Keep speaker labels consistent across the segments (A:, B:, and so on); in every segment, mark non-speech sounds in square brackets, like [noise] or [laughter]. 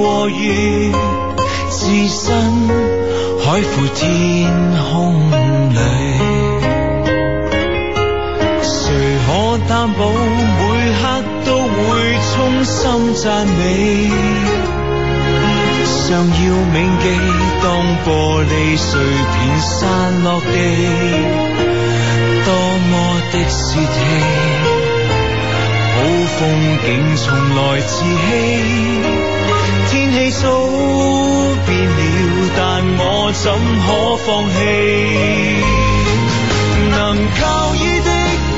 A: 和月自身，海闊天空裏，誰可擔保每刻都會衷心讚美？尚要銘記當玻璃碎片散落地，多麼的洩氣，好風景從來自欺。天氣早變了，但我怎可放棄？能靠倚的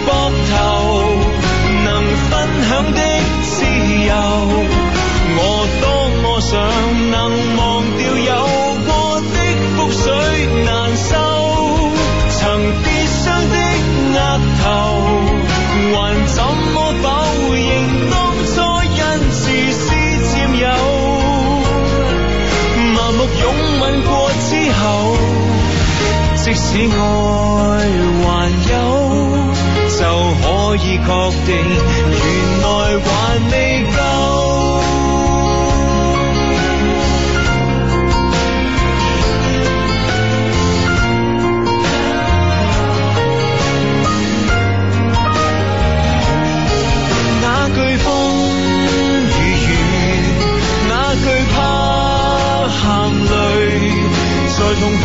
A: 膊頭，能分享的自由，我多麼想。即使愛還有就可以確定，原來還未夠。 [music] 哪懼風雨，哪懼怕行雷，再痛苦。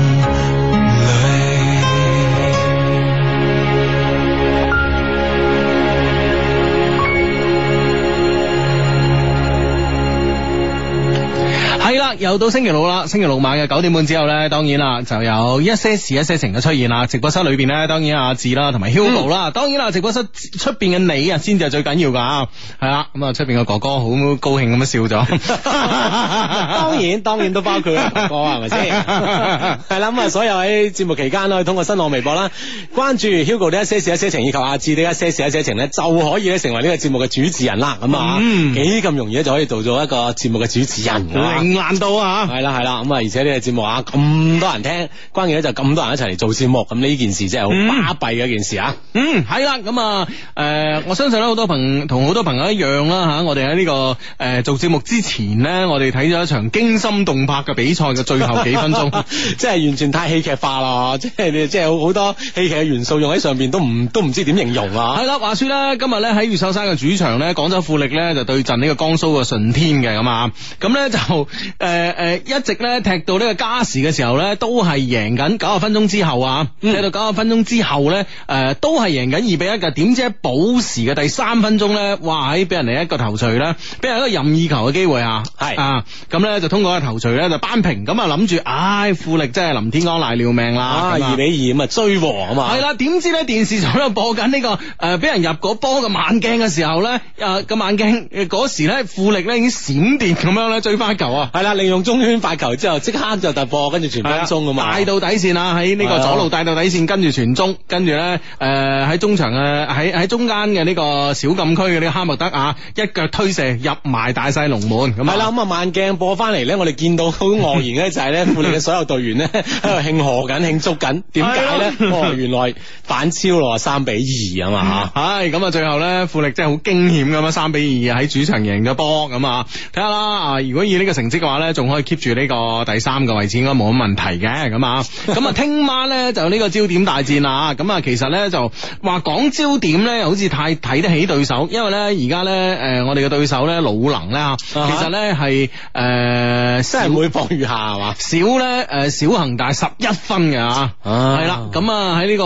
B: 又到星期六啦，星期六晚嘅九點半之後咧，當然啦，就有一些事、一些情嘅出現啦。直播室裏邊呢，當然阿志啦，同埋 Hugo 啦，當然啦，直播室出邊嘅你啊，先至係最緊要噶。係啦，咁啊，出邊嘅哥哥好高興咁樣笑咗。 [laughs] 當然，當然都包括 [laughs] 哥哥係咪先？係啦，咁啊， [laughs] [laughs] 所有喺節目期間咧，可以通過新浪微博啦，關注 Hugo 啲一些事、一些情，以及阿志啲一些事、一些情呢，就可以成為呢個節目嘅主持人啦。咁啊，嗯，幾咁容易就可以做做一個節目嘅主持人。嗯嗯到啊，係啦、嗯，係、嗯、啦，咁啊、嗯，而且呢個節目啊，咁多人聽，關鍵咧就咁多人一齊嚟做節目，咁呢件事真係好巴閉嘅一件事啊。嗯，係啦，咁啊，誒，我相信咧，好多朋同好多朋友一樣啦，吓、啊，我哋喺呢個誒、呃、做節目之前呢，我哋睇咗一場驚心動魄嘅比賽嘅最後幾分鐘， [laughs] 即係完全太戲劇化啦，即係你即係好多戲劇嘅元素用喺上面，都唔都唔知點形容啊。係啦，話說咧，今日咧喺越秀山嘅主場呢，廣州富力呢就對陣呢個江蘇嘅舜天嘅咁啊，咁咧就誒。嗯嗯嗯嗯誒誒，一直咧踢到呢個加時嘅時候咧，都係贏緊。九十分鐘之後啊，踢到九十分鐘之後咧，誒，都係贏緊二比一嘅。點知喺補時嘅第三分鐘咧，哇！喺俾人哋一個頭槌咧，俾人一個任意球嘅機會啊。係啊，咁咧就通過個頭槌咧就扳平。咁啊諗住，唉，富力真係臨天光賴尿命啦，二比二咁追和，係嘛。係啦，點知咧電視台喺度播緊呢個誒，俾人入嗰波嘅猛鏡嘅時候咧，誒，個猛鏡嗰時咧，富力咧已經閃電咁樣咧追翻球啊。係啦。用中圈發球之後，即刻就突破，跟住傳中咁嘛，帶到底線啊！喺呢個左路帶到底線，跟住傳中，跟住咧，誒喺中場嘅喺喺中間嘅呢個小禁區嘅呢個哈密德啊，一腳推射入埋大細龍門，係啦，咁啊慢鏡播翻嚟咧，我哋見到好愕然咧，就係咧富力嘅所有隊員咧喺度慶賀緊、慶祝緊，點解咧？哦，原來反超咗三比二啊嘛吓！係，咁啊最後咧富力真係好驚險咁啊，三比二喺主場贏咗波咁啊！睇下啦啊，如果以呢個成績嘅話。仲可以 keep 住呢個第三個位置，應該冇乜問題嘅咁啊！咁啊，聽 [laughs] 晚咧就呢個焦點大戰啦啊！咁啊，其實咧就話講焦點咧，好似太睇得起對手，因為咧而家咧，誒我哋嘅對手咧魯能啦，其實咧係誒真係唔會放軟下係嘛？少咧誒少恒大十一分嘅，吓，係啦。咁啊喺呢個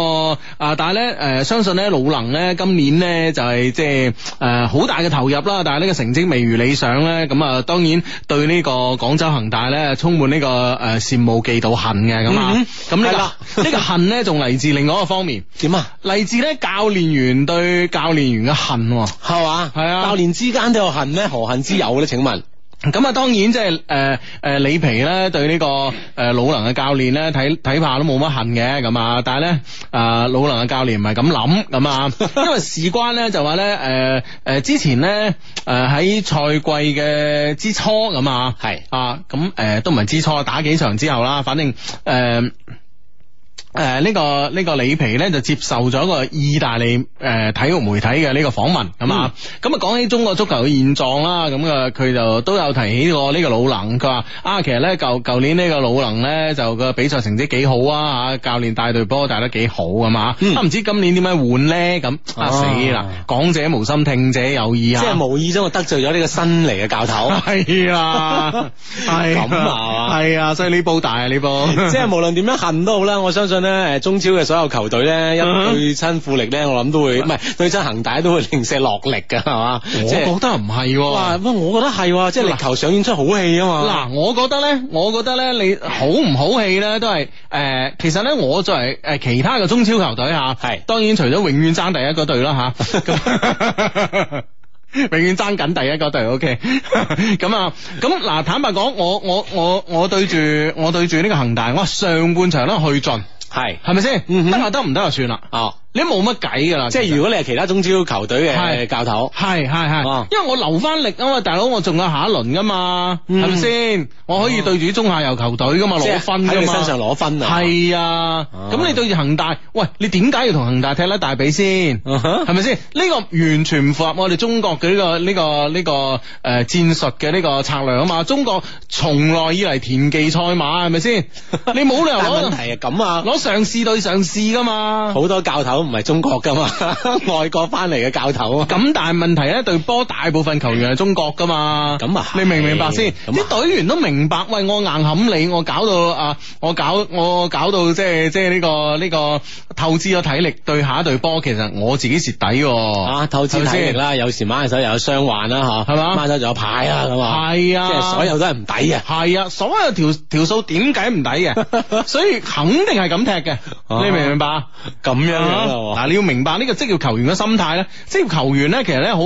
B: 啊，這個、但係咧誒，相信咧魯能咧今年咧就係即係誒好大嘅投入啦，但係呢個成績未如理想咧，咁啊當然對呢、這個。廣州恒大咧充滿呢、這個誒羨、呃、慕嫉妒恨嘅咁啊，咁呢、嗯嗯這個呢、嗯、個恨咧仲嚟自另外一個方面，點啊？嚟自咧教練員對教練員嘅恨係嘛？係吧啊，教練之間都有恨咧，何恨之有咧？嗯、請問？咁啊，當然即係誒誒，里、呃呃、皮咧對、這個呃、呢個誒魯能嘅教練咧睇睇怕都冇乜恨嘅咁啊，但係咧誒魯能嘅教練唔係咁諗咁啊， [laughs] 因為事關咧就話咧誒誒，之前咧誒喺賽季嘅之初咁啊係啊，咁誒、 [laughs] 嗯呃、都唔係之初，打幾場之後啦，反正誒。呃誒，呃這個這個、呢個呢個里皮咧就接受咗個意大利誒、呃、體育媒體嘅呢個訪問，係嘛咁啊講、嗯嗯、起中國足球嘅現狀啦，咁啊佢就都有提起過呢個魯能，佢話啊，其實咧舊舊年個呢個魯能咧就個比賽成績幾好啊，吓、啊、教練帶隊波帶得幾好啊，啊嘛，唔知今年點樣換咧，咁啊，啊死啦，講者無心，聽者有意啊，即係無意中就得罪咗呢個新嚟嘅教頭，係、 [laughs] 哎、
C: 呀 [laughs] 啊係咁係
B: 係啊，所以呢波大啊呢波， [laughs] 即係無論點樣恨都好啦，我相信。咧，中超嘅所有球隊咧，嗯、一對親富力咧，我諗都會唔係、嗯、對親恒大都會零舍落力噶，係嘛、啊？我覺得唔係、啊，哇，不過我覺得係，即係力球上演出好戲啊嘛。嗱，我覺得咧，我覺得咧，你好唔好戲咧，都係誒、呃，其實咧，我作為誒其他嘅中超球隊吓，係、啊、是當然除咗永遠爭第一嗰隊啦吓，啊、 [laughs] [laughs] 永遠爭緊第一嗰隊。OK. 咁啊，咁 [laughs] 嗱，坦白講，我我我我,我對住我對住呢個恒大，我上半場咧去進。係，係咪先？得就得，唔得就算啦。啊、hmm.！Oh. 你冇乜計噶啦，即係如果你係其他中超球隊嘅教頭，係係係，因為我留翻力啊嘛，大佬我仲有下一輪噶嘛，係咪先？我可以對住中下游球隊噶嘛，攞分噶嘛，喺你身上攞分啊！係啊，咁你對住恒大，喂，你點解要同恒大踢咧大髀先？係咪先？呢個完全唔符合我哋中國嘅呢個呢個呢個誒戰術嘅呢個策略啊嘛！中國從來以嚟田忌賽馬，係咪先？你冇理由攞問題啊咁啊，攞上士對上士噶嘛，好多教頭。唔係中國噶嘛，外國翻嚟嘅教頭啊！咁但係問題咧，隊波大部分球員係中國噶嘛？咁啊，你明唔明白先？啲隊員都明白，喂，我硬冚你，我搞到啊，我搞我搞到即係即係呢個呢個透支咗體力，對下一隊波，其實我自己蝕底啊！透支體力啦，有時掹下手又有傷患啦，吓係嘛？掹手又有牌啊，咁啊，係啊，即係所有都係唔抵嘅，係啊，所有條條數點解唔抵嘅？所以肯定係咁踢嘅，你明唔明白？咁樣。嗱，你要明白呢個職業球員嘅心態咧，職業球員咧其實咧好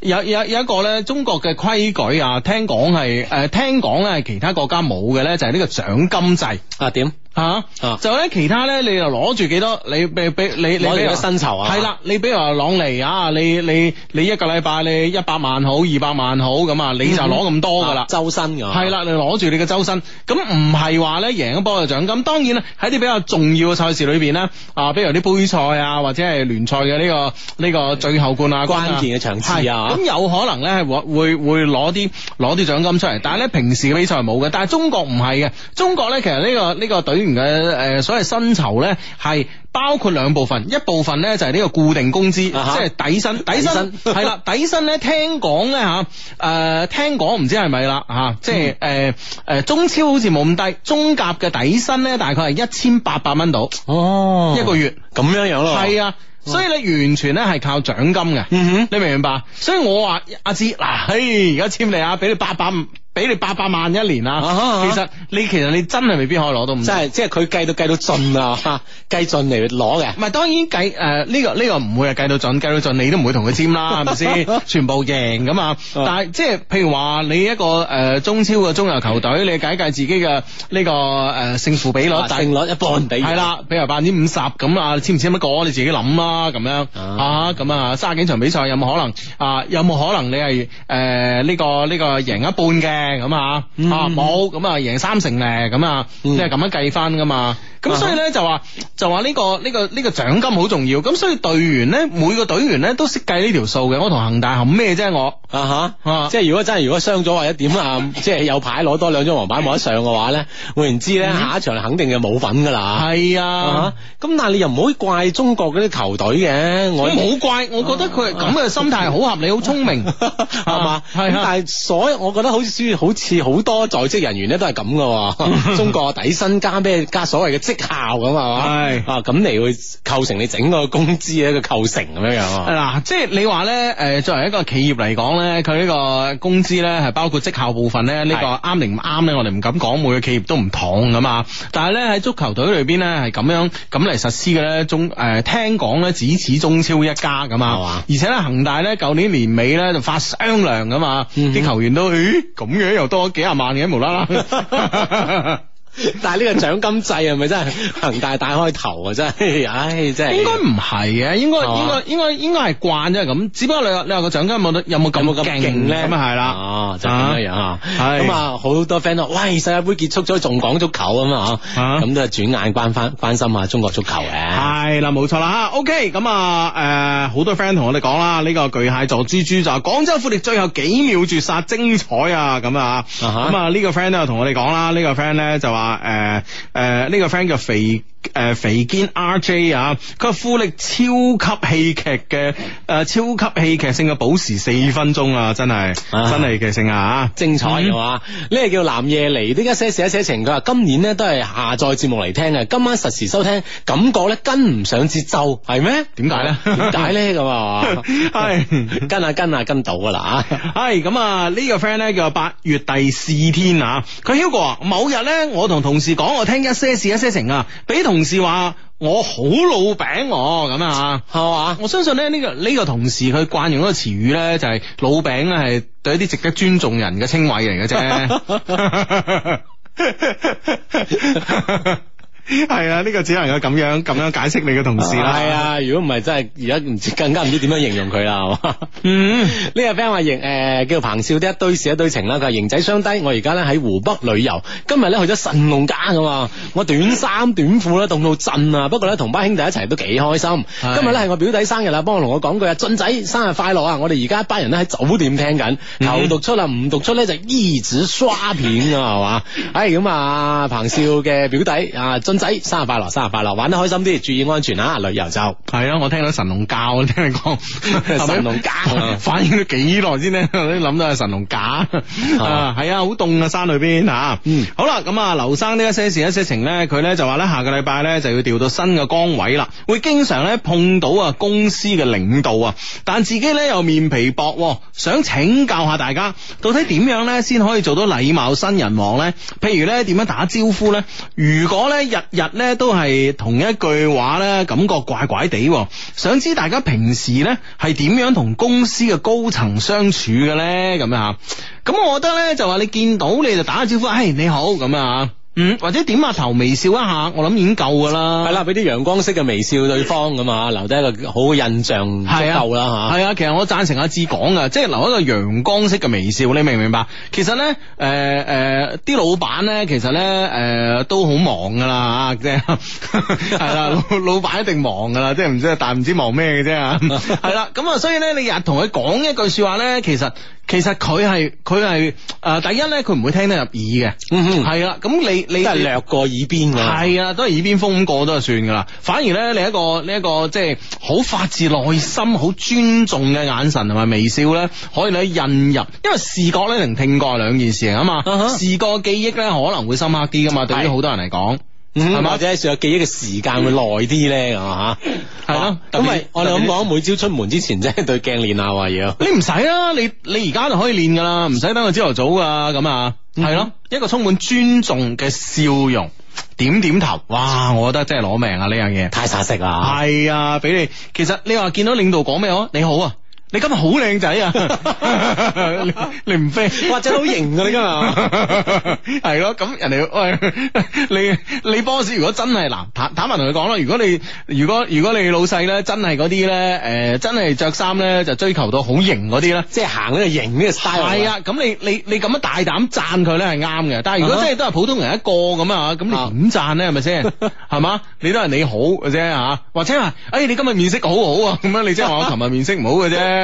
B: 有有有一個咧中國嘅規矩啊，聽講係誒，聽講咧其他國家冇嘅咧，就係呢個獎金制啊點？吓，啊、就咧其他咧，你就攞住幾多？你俾俾你你你嘅薪酬啊？係啦，你比如話朗尼啊，你你你，你一個禮拜，你一百萬好，二百萬好咁啊，你就攞咁多噶啦、嗯啊，周薪噶。係啦，你攞住你嘅周薪，咁唔係話咧贏一波就獎金。當然啦，喺啲比較重要嘅賽事裏邊呢，啊，比如啲杯賽啊，或者係聯賽嘅呢個呢、這個最後冠啊，關鍵嘅場次啊，咁有可能咧係會會攞啲攞啲獎金出嚟。但係咧平時比賽冇嘅，但係中國唔係嘅，中國咧其實呢、這個呢、這個隊。嘅誒，所謂薪酬咧係包括兩部分，一部分咧就係呢個固定工資，即係底薪。底薪係啦，底薪咧聽講咧吓，誒聽講唔知係咪啦吓，即係誒誒，中超好似冇咁低，中甲嘅底薪咧大概係一千八百蚊到，哦，一個月咁樣樣咯，係啊，所以咧完全咧係靠獎金嘅，嗯哼，你明唔明白？所以我話阿芝嗱，誒而家簽你啊，俾你八百五。俾你八百萬一年啊，其實你其實你真係未必可以攞到、算到，即係即係佢計到計到盡啊，計盡嚟攞嘅。唔係當然計誒呢個呢個唔會係計到盡，計到盡你都唔會同佢簽啦，係咪先？全部贏噶嘛，但係即係譬如話你一個誒、呃、中超嘅中游球隊，你解計自己嘅呢、這個誒、uh, 勝負比率，啊，勝率一半比係啦，比如話百分之五十咁啊，簽唔簽得過你自己諗啦咁樣啊。咁啊，卅幾場比賽有冇可能啊？有冇可能你係誒呢個呢個贏一半嘅？咁、嗯、啊，啊，冇咁啊，贏三成咧，咁啊，即係咁樣計翻噶嘛。咁所以咧就話就話呢個呢個呢個獎金好重要，咁所以隊員咧每個隊員咧都識計呢條數嘅。我同恒大合咩啫？我啊吓，即係如果真係如果傷咗或者點啊，即係有牌攞多兩張黃牌冇得上嘅話咧，換言之咧下一場肯定就冇份噶啦。係啊，咁但係你又唔可以怪中國啲球隊嘅，我冇怪，我覺得佢咁嘅心態好合理，好聰明，係嘛？係但係所，我覺得好似好似好多在職人員咧都係咁噶，中國底薪加咩加所謂嘅職。績效咁係嘛，啊咁你會構成你整個工資一個構成咁樣樣。嗱，即係你話咧，誒，作為一個企業嚟講咧，佢呢個工資咧係包括績效部分咧，呢是個啱定唔啱咧，我哋唔敢講，每個企業都唔同噶嘛。但係咧喺足球隊裏邊咧係咁樣咁嚟實施嘅咧，中誒聽講咧只此中超一家噶嘛，係嘛吧？而且咧恒大咧舊年年尾咧就發商量噶嘛，啲、嗯、哼球員都咦咁樣又多咗幾廿萬嘅，無啦啦。 [laughs] [laughs] [laughs] 但係呢個獎金制係咪真係恆大大開頭啊？真係，唉，真係應該唔係嘅，應該吧應該應該應該係慣咗咁。只不過你話你話個獎金有冇有冇咁咁勁咧？咁啊係啦，就咁，是，嘅樣。咁啊，好、啊是嗯、多 friend 喂世界杯結束咗，仲講足球啊嘛？咁，啊，都係轉眼關翻關心下中國足球嘅，啊。係啦，冇錯啦。吓，呃、，OK。咁啊，誒，好多 friend 同我哋講啦，呢個巨蟹座蜘蛛就廣州富力最後幾秒絕殺，精彩啊！咁啊，咁啊，呢、這個 friend 都同我哋講啦，呢個 friend 咧就話。話誒誒呢個 friend 叫肥。.誒，肥堅 RJ 啊，佢富力超級戲劇嘅誒，超級戲劇性嘅補時四分鐘啊，真係、啊、真係戲劇性啊，嗯、精彩嘅、啊、嘛？呢個叫藍夜離，啲一些事一些情，佢話今年呢都係下載節目嚟聽嘅，今晚實時收聽，感覺咧跟唔上節奏，係咩？點解咧？點解咧咁啊？係 [laughs] 跟、啊、跟啊跟啊跟到噶啦吓，係 [laughs] 咁、嗯、啊呢、這個 friend 咧叫八月第四天啊，佢 Hugo 話某日咧我同同事講我聽一些事一些情啊，俾同。同事話我好老餅，我咁啊，係嘛？吧我相信咧，呢個呢個同事佢慣用一個詞語咧，就係老餅咧，係對一啲值得尊重人嘅稱謂嚟嘅啫。係啊，呢、這個只能夠咁樣咁樣解釋你嘅同事啦。係啊，如果唔係真係而家唔知更加唔知點樣形容佢啦，係嘛。 [laughs] 嗯，呢個 friend 話形誒叫彭少啲一堆事一堆情啦。佢話型仔相低，我而家咧喺湖北旅遊，今日咧去咗神農架噶嘛。我短衫短褲咧凍到震啊，不過咧同班兄弟一齊都幾開心。 [laughs] 是今日咧係我表弟生日啦，幫我同我講句啊，俊仔生日快樂啊！我哋而家一班人咧喺酒店聽緊，有、嗯、讀出啊，唔讀出咧就一直刷片啊，係、嗯、嘛。哎，咁啊，彭少嘅表弟啊，俊。仔生日快樂，生日快樂，玩得開心啲，注意安全啊、呃！旅遊就係啊，我聽到神龍教，聽講 [laughs] 神龍假家， [laughs] 反應咗幾耐先咧，諗到係神龍假、 [laughs] [laughs] uh, 啊，係啊，好凍啊，山裏邊吓，啊嗯、好啦，咁、嗯、啊，劉生呢一些事一些情呢，佢咧就話咧，下個禮拜咧就要調到新嘅崗位啦，會經常咧碰到啊公司嘅領導啊，但自己咧又面皮薄，想請教下大家，到底點樣咧先可以做到禮貌新人王咧？譬如咧點樣打招呼咧？如果咧入日咧都係同一句話咧，感覺怪怪哋，想知大家平時咧係點樣同公司嘅高層相處嘅咧？咁樣啊，咁我覺得咧就話你見到你就打個招呼，哎你好咁樣啊。嗯，或者點下頭微笑一下，我諗已經夠噶啦。係啦，俾啲陽光式嘅微笑對方咁啊，留低一個好嘅印象足夠啦吓。係啊， [laughs] 其實我贊成阿志講噶，即係留一個陽光式嘅微笑，你明唔明白？其實咧，誒、呃、誒，啲、呃、老闆咧，其實咧，誒、呃、都好忙噶啦啊，即係係啦，老老闆一定忙噶啦，即係唔知，但唔知忙咩嘅啫。係啦，咁啊，所以咧，你日同佢講一句說話咧，其實。其實佢係佢係誒，第一咧佢唔會聽得入耳嘅，係啦、嗯哼。咁你你即係略過耳邊，係啊，都係耳邊風咁過都係算噶啦。反而咧，你一個你一個即係好發自內心，好尊重嘅眼神同埋微笑咧，可以咧印入。因為視覺咧同聽覺係兩件事啊嘛，uh huh. 視覺記憶咧可能會深刻啲噶嘛，對於好多人嚟講。係嘛，嗯、吧或者尚有記憶嘅時間會耐啲咧，咁嘛吓，係咯。咁咪我哋咁講，每朝出門之前即係對鏡練下話要、 [laughs] 啊。你唔使啦，你你而家就可以練噶啦，唔使等到朝頭早噶。咁、嗯、啊，係咯，一個充滿尊重嘅笑容，點點頭。哇，我覺得真係攞命啊呢樣嘢，這個、太殺食啦。係啊，畀你！其實你話見到領導講咩？你好啊。你今日好靚仔啊！你唔飛、啊，或者好型噶你今日，係咯，咁人哋喂，你你 boss 如果真係嗱，坦坦白同你講啦，如果你如果如果你老細咧真係嗰啲咧誒，真係着衫咧就追求到好型嗰啲啦，即係行呢啲型呢啲 style 係啊，咁你你你咁樣大膽讚佢咧係啱嘅，但係如果真係都係普通人一個咁啊，咁你點讚咧係咪先？係嘛，你都係你好嘅啫吓，或者誒、哎、你今日面色好好啊，咁 [laughs] 樣你即係話我琴日面色唔好嘅啫。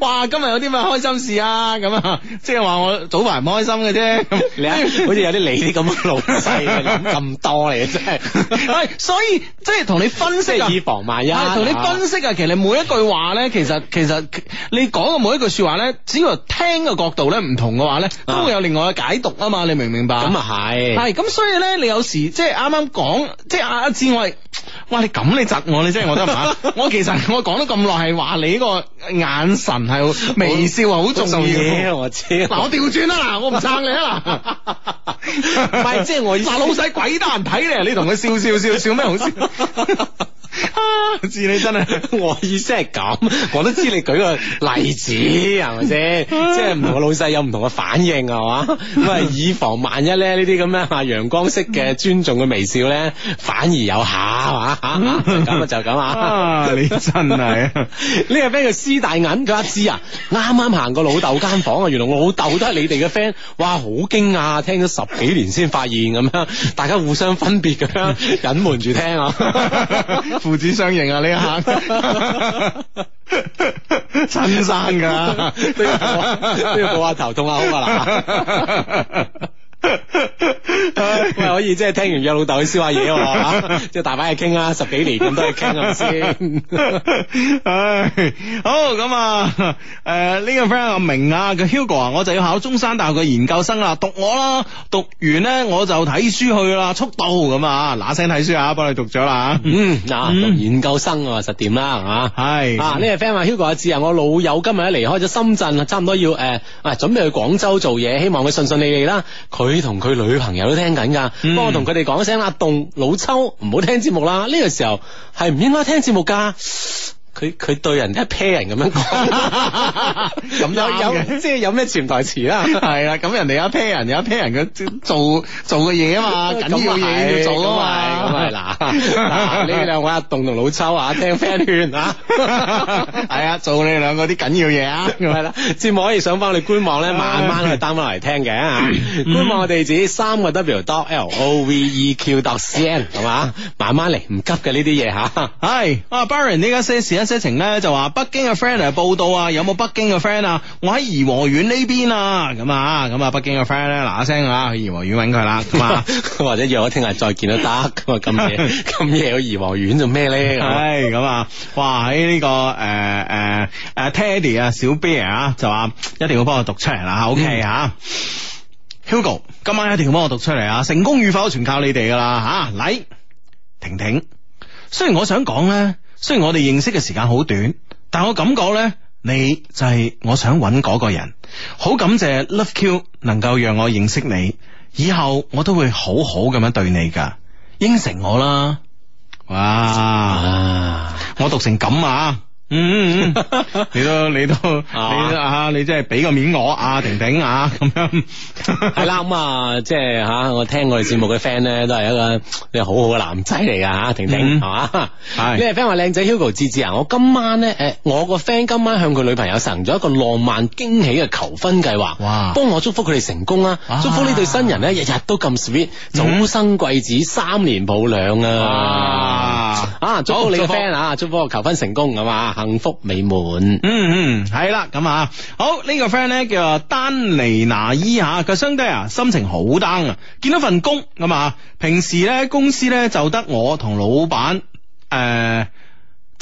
B: 哇！今日有啲乜開心事啊？咁啊、就是， [laughs] [laughs] 即係話我早排唔開心嘅啫。你睇，好似有啲你啲咁嘅老細咁咁多嚟嘅真係。係所以即係同你分析以防萬一。同你分析啊，哦、其實你每一句話咧，其實其實你講嘅每一句說話咧，只要聽嘅角度咧唔同嘅話咧，都會有另外嘅解讀啊嘛。你明唔、啊、 [laughs] 明白？咁啊係係咁，所以咧，你有時即係啱啱講，即係阿志我，哇！你咁你窒我，你真係我得唔啱。 [laughs] [laughs] 我其實我講得咁耐係話你呢個眼神係好，微笑啊好我重要我。我知，嗱我調轉啦，嗱 [laughs] 我唔撐你啦。唔 [laughs] 係， [laughs] 即、就、係、是、我意思老細鬼得人睇咧，你同佢笑笑笑笑咩？笑笑好笑。 [laughs] 啊！知你真係， [laughs] 我意思係咁， [laughs] 我都知你舉個例子係咪先？是是 [laughs] 即係唔同老細有唔同嘅反應係嘛？咁啊，以防萬一咧，呢啲咁樣陽光式嘅尊重嘅微笑咧，反而有下係嘛？吓、啊啊啊啊，就咁啊， [laughs] 啊！你真係！呢個 friend 叫撕大眼咗一支啊！啱啱行過老豆間房啊！原來我老豆都係你哋嘅 friend，哇！好驚訝，聽咗十幾年先發現咁樣，大家互相互分別咁樣隱瞞住聽啊。 [laughs] [laughs] [laughs] 父子相認啊！呢一下親生噶的，都要抱下頭痛下好嘛啦。 [laughs] 喂，可以即係聽完約老豆去燒下嘢喎，即係大把嘢傾啊！ [laughs] 十幾年咁多嘢傾係咪先？唉、啊 [laughs] [laughs] 哎，好咁啊！誒、呃，呢、這個 friend 阿明啊，佢 Hugo 啊，我就要考中山大學嘅研究生啦，讀我啦，讀完咧我就睇書去啦，速度咁啊！嗱聲睇書啊，幫你讀咗啦嗯，嗱，讀研究生啊，實點啦係係啊，呢、這個 friend Hugo 啊，知啊，我老友今日咧離開咗深圳，啊，差唔多要誒、呃，準備去廣州做嘢，希望佢順順利利啦，佢。你同佢女朋友都聽緊噶，幫、嗯、我同佢哋講聲啦，阿棟老秋，唔好聽節目啦，呢、呢個時候係唔應該聽節目噶。佢佢對人一 pair 人咁樣講，咁有有即係有咩潛台詞啦？係啦，咁人哋一 pair 人，有一 pair 人嘅做做嘅嘢啊嘛，緊要嘢要做啊嘛，咁係嗱，呢兩位阿棟同老抽啊聽 fans 勸啊，係啊，做你哋兩個啲緊要嘢啊，咁係啦，節目可以上翻我哋官網咧，慢慢去 download 嚟聽嘅啊，官網地址三個 W dot L O V E Q dot C N 係嘛？慢慢嚟，唔急嘅呢啲嘢嚇。係，阿 Barry 呢家些時。一些情咧就話北京嘅 friend 嚟報道有有啊，有冇北京嘅 friend 啊？我喺頤和園呢邊啊，咁啊咁啊！北京嘅 friend 咧，嗱一聲啊，去頤和園搵佢啦，咁啊， [laughs] 或者約我聽日再見都得。咁啊，咁夜咁夜去頤和園做咩咧？唉，咁 [laughs] 啊，哇！喺呢、這個誒誒誒，Teddy 啊，小 bear 啊，就話一定要幫我讀出嚟啦，OK 吓、嗯。Hugo 今晚一定要幫我讀出嚟，啊！成功與否全靠你哋噶啦吓。嚟，婷婷，雖然我想講咧。雖然我哋認識嘅時間好短，但我感覺咧，你就係我想揾嗰個人。好感謝 Love Q 能夠讓我認識你，以後我都會好好咁樣對你噶，應承我啦。哇，哇我讀成咁啊！嗯，你都你都，你啊，你真係俾個面我啊，婷婷啊，咁樣係啦，咁啊，即係吓我聽我哋節目嘅 friend 咧，都係一個你好好嘅男仔嚟噶吓，婷婷係嘛？係，你係 friend 話靚仔 Hugo 志志啊，我今晚咧，誒，我個 friend 今晚向佢女朋友實行咗一個浪漫驚喜嘅求婚計劃，哇，幫我祝福佢哋成功啊！祝福呢對新人咧，日日都咁 sweet，早生貴子，三年抱兩啊，祝福你個 friend 啊，祝福我求婚成功，咁嘛！幸福美滿，嗯，嗯嗯，係啦，咁啊，好、這個、呢個 friend 咧叫丹尼拿伊吓，佢個兄弟啊，心情好 down，見到份工咁啊，平時咧公司咧就得我同老闆誒。呃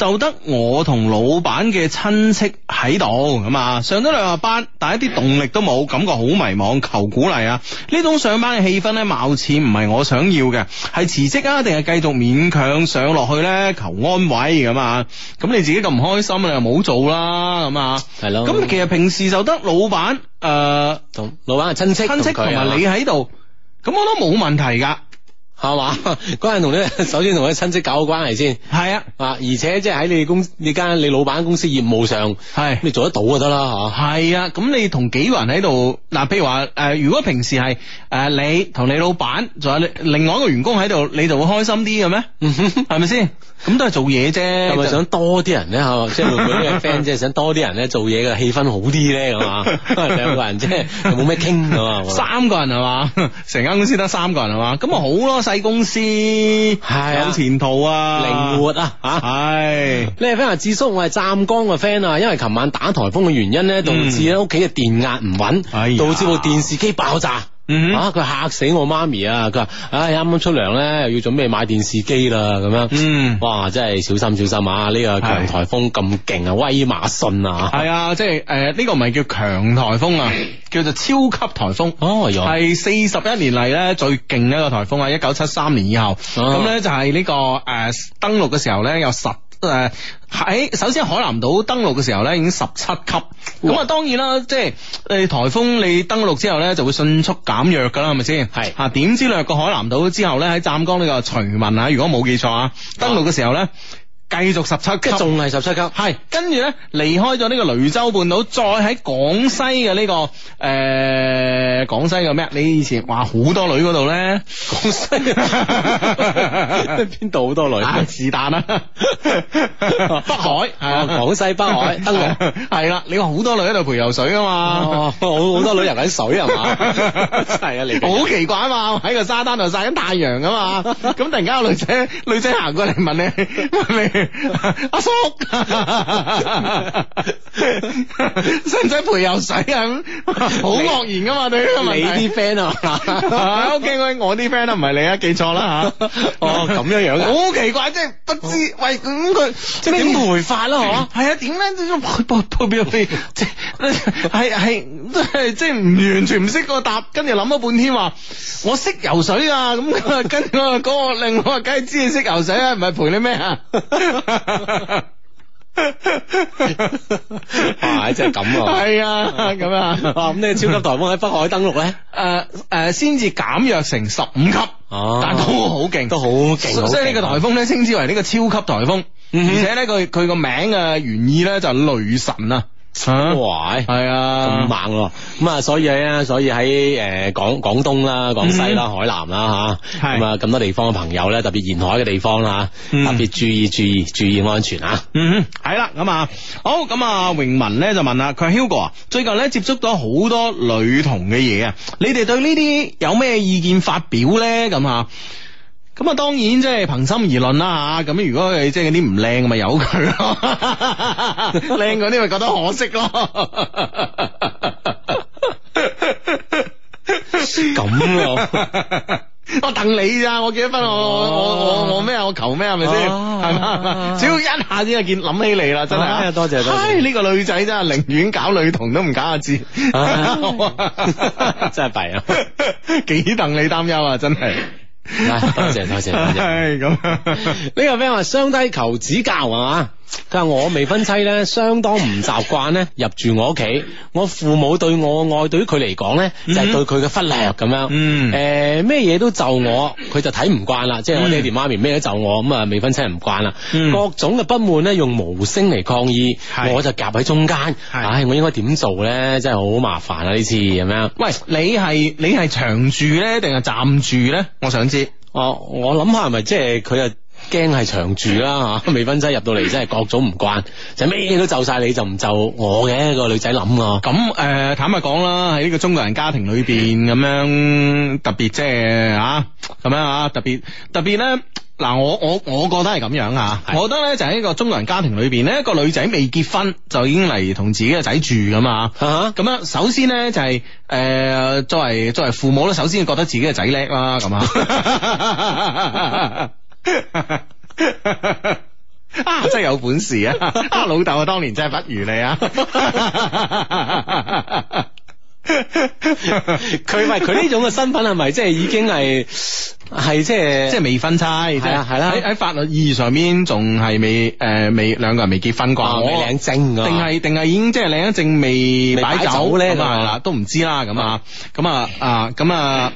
B: 就得我同老闆嘅親戚喺度，咁啊上咗兩日班，但係一啲動力都冇，感覺好迷茫，求，求鼓勵啊！呢種上班嘅氣氛咧，貌似唔係我想要嘅，係辭職啊，定係繼續勉強上落去咧？求安慰咁啊！咁你自己咁唔開心，你又冇做啦，咁啊係咯。咁的其實平時就得老闆誒，呃、老闆係親戚，親戚同埋你喺度，咁、啊、我都冇問題噶。係嘛？嗰陣同你，首先同你親戚搞好關係先。係啊，啊，而且即係喺你公、你間、你老闆公司業務上，係你做得到就得啦。吓，係啊。咁你同幾個人喺度？嗱，譬如話誒，如果平時係誒你同你老闆，仲有另外一個員工喺度，你就會開心啲嘅咩？嗯，係咪先？咁都係做嘢啫。係咪想多啲人咧？吓，即係嗰啲 friend，即係想多啲人咧做嘢嘅氣氛好啲咧，係嘛？兩個人即係冇咩傾，係嘛？三個人係嘛？成間公司得三個人係嘛？咁啊好咯。大公司係、啊、有前途啊，靈活啊，吓係、啊。是你係飛 friend 智叔，我係湛江嘅 friend 啊。因為琴晚打台風嘅原因咧，導致咧屋企嘅電壓唔穩，嗯、導致部電視機爆炸。哎嗯、mm hmm. 啊啊，啊，佢嚇死我媽咪啊！佢話，唉，啱啱出糧咧，又要準備買電視機啦？咁樣，嗯、mm，hmm. 哇，真係小心小心啊！呢、這個強台風咁勁啊，威馬遜啊，係啊，即係，誒、呃、呢、這個唔係叫強台風啊，叫做超級台風 [laughs] 哦，係四十一年嚟咧最勁一個台風啊，一九七三年以後，咁咧、哦嗯、就係、是、呢、這個誒、呃、登陸嘅時候咧有十。誒，喺首先海南島登陸嘅時候咧，已經十七級，咁啊哇當然啦，即係誒台風你登陸之後咧，就會迅速減弱噶啦，係咪先？係吓，點知掠過海南島之後咧，喺湛江呢個徐聞啊，如果冇記錯啊，登陸嘅時候咧。繼續十七級，仲係十七級，係跟住咧離開咗呢個雷州半島，再喺廣西嘅呢個誒廣西嘅咩？你以前話好多女嗰度咧，廣西邊度好多女？是但啦，北海係廣西北海，係啦，你話好多女喺度陪游水啊嘛，好好多女游喺水啊嘛，係啊，你好奇怪啊嘛，喺個沙灘度曬緊太陽啊嘛，咁突然間有女仔女仔行過嚟問問你。 [laughs] 阿叔，使唔使陪游水啊？咁， [laughs] 好愕然噶嘛？你啲 friend 啊 [laughs] [laughs] ？OK，我啲 friend 都唔係你啊，記錯啦吓、啊。 [laughs] 哦，咁樣樣， [laughs] 好奇怪，即係不知 [laughs] 喂咁佢、嗯、即係點陪法啦？嗬，係啊，點咧、 [laughs] 啊？ [laughs] 即係係係即係即係唔完全唔識個答，跟住諗咗半天話我識游水啊！咁跟住講我令我梗係知你識游水啊，唔係陪你咩啊？哇、 [laughs] 啊！即係
C: 咁喎，係 [laughs]
B: [laughs] 啊，咁啊，哇！咁呢個超級颱風喺北海登陸咧，誒誒，先至減弱成十五級，啊、但都好勁，都好勁，所以呢個颱風咧稱之為呢個超級颱風，嗯、哼而且咧佢佢個名嘅、啊、原意咧就係、雷神啊。啊！哇！係、欸、啊，咁猛咯、喔，咁啊，所以啊，所以喺誒廣廣東啦、廣西啦、嗯、哼海南啦吓，咁啊咁是多地方嘅朋友咧，特別沿海嘅地方啦，啊嗯、特別注意注意注意安全啊！嗯哼，係啦，咁啊好，咁啊榮文咧就問啦，佢 Hugo 啊？最近咧接觸到好多女童嘅嘢啊，你哋對呢啲有咩意見發表咧？咁啊？咁啊，當然即係憑心而論啦吓，咁如果佢即係啲唔靚咪由佢咯，
C: 靚嗰啲咪覺得可惜
B: 咯。咁咯，我戥你咋？我結咗婚，我我我我咩？我求咩係咪先？係嘛？只要一下子就見諗起你啦，真係。多謝多謝。呢個女仔真係寧願搞女童都唔搞阿志，真係弊啊！幾戥你擔憂啊，真係。係，多謝、啊、多謝，多謝。係咁。呢個 friend 話，雙低求指教係、啊、嘛。佢話我未婚妻咧相當唔習慣咧入住我屋企，我父母對我愛對於佢嚟講咧就係、是、對佢嘅忽略咁樣，誒咩嘢都就我，佢就睇唔慣啦，嗯、即係我爹哋媽咪咩都就我，咁啊未婚妻唔慣啦，嗯、各種嘅不滿咧用無聲嚟抗議，是我就夾喺中間，唉是、哎、我應該點做咧，真係好麻煩啊呢次咁樣。喂，你係你係長住咧定係暫住咧、啊？我想知。我我諗下係咪即係佢啊？驚係長住啦吓，未婚妻入到嚟真係各種唔慣，就咩都就晒你就唔就我嘅，那個女仔諗啊。咁誒、呃，坦白講啦，喺呢個中國人家庭裏邊咁樣特別、就是，即係吓咁樣啊，樣特別特別咧嗱，我我我覺得係咁樣啊，我覺得咧是就喺、是、呢個中國人家庭裏邊咧，一個女仔未結婚就已經嚟同自己嘅仔住咁啊。咁、uh huh. 樣首先咧就係、是、誒、呃，作為作為父母咧，首先覺得自己嘅仔叻啦咁啊。 [laughs] [laughs] [laughs] 啊，真係有本事啊！啊老豆啊，當年真係不如你。啊，佢咪佢呢種嘅身份係咪即係已經係？係即係即係未婚妻，係啦，喺喺法律意義上面仲係未誒，未兩個人未結婚啩？未領證定係定係已經即係領咗證未擺酒咧？係啦，都唔知啦，咁啊，咁啊，啊咁啊！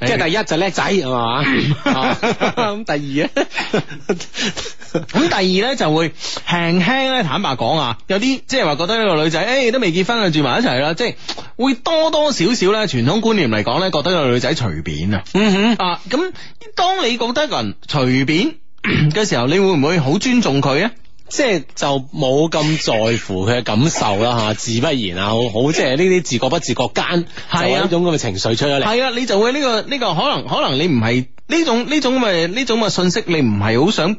B: 即係第一就叻仔係嘛？咁第二啊？咁第二咧就會輕輕咧，坦白講啊，有啲即係話覺得呢個女仔誒、哎、都未結婚啊，住埋一齊啦，即係會多多少少咧傳統觀念嚟講咧，覺得個女仔隨便、嗯、哼啊。嗯哼啊，咁當你覺得個人隨便嘅時候，你會唔會好尊重佢啊？即係就冇咁在乎佢嘅感受啦。吓，自不然啊，好即係呢啲自覺不自覺間，係啊，呢種咁嘅情緒出咗嚟，係啊，啊，你就會呢、呢個呢、呢個可能可能你唔係呢種呢種咁嘅呢種嘅信息，你唔係好想。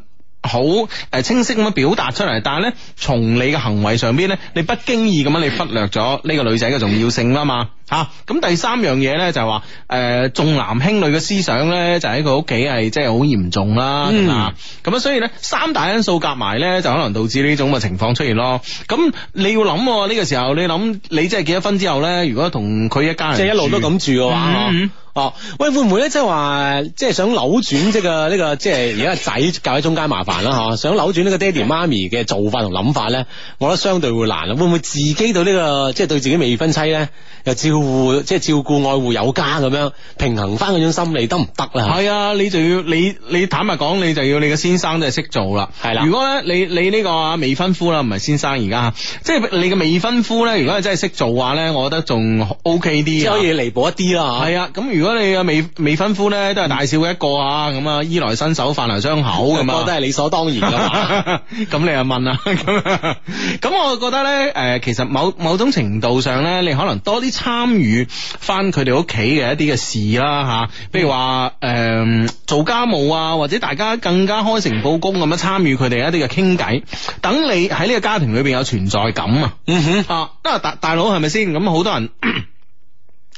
B: 好誒，清晰咁樣表達出嚟，但係咧，從你嘅行為上邊咧，你不經意咁樣你忽略咗呢個女仔嘅重要性啦嘛，吓咁、 [laughs] 啊、第三樣嘢咧就係話，誒、呃、重男輕女嘅思想咧就喺佢屋企係即係好嚴重啦，咁、嗯、啊，所以咧三大因素夾埋咧就可能導致呢種嘅情況出現咯。咁你要諗呢、啊，這個時候，你諗你即係結咗婚之後咧，如果同佢一家人即係一路都咁住嘅話。嗯嗯喂，會唔會咧？即係話，即係想扭轉即係個呢個，即係而家個仔夾喺中間麻煩啦，吓想扭轉呢個爹哋媽咪嘅做法同諗法咧，我覺得相對會難啊。會唔會自己到呢個，即係對自己未婚妻咧？又照顧即係照顧、愛護有加咁樣，平衡翻嗰種心理得唔得啦。係啊，你就要你你坦白講，你就要你嘅先生都係識做啦。係啦的，如果咧你你呢個未婚夫啦，唔係先生而家，即係你嘅未婚夫咧。如果係真係識做話咧，我覺得仲 OK 啲，可以彌補一啲啦。係啊，咁如果你嘅未未婚夫咧都係大少一個啊，咁啊衣來伸手飯來張口咁啊，都係理所當然噶嘛咁 [laughs] [laughs] 你又問啊？咁咁，我覺得咧，誒，其實某某種程度上咧，你可能多啲。參與翻佢哋屋企嘅一啲嘅事啦吓，譬如話誒、呃、做家務啊，或者大家更加開誠布公咁樣參與佢哋一啲嘅傾偈，等你喺呢個家庭裏邊有存在感、嗯、哼啊！嗯哼啊，都係大大佬係咪先？咁好多人，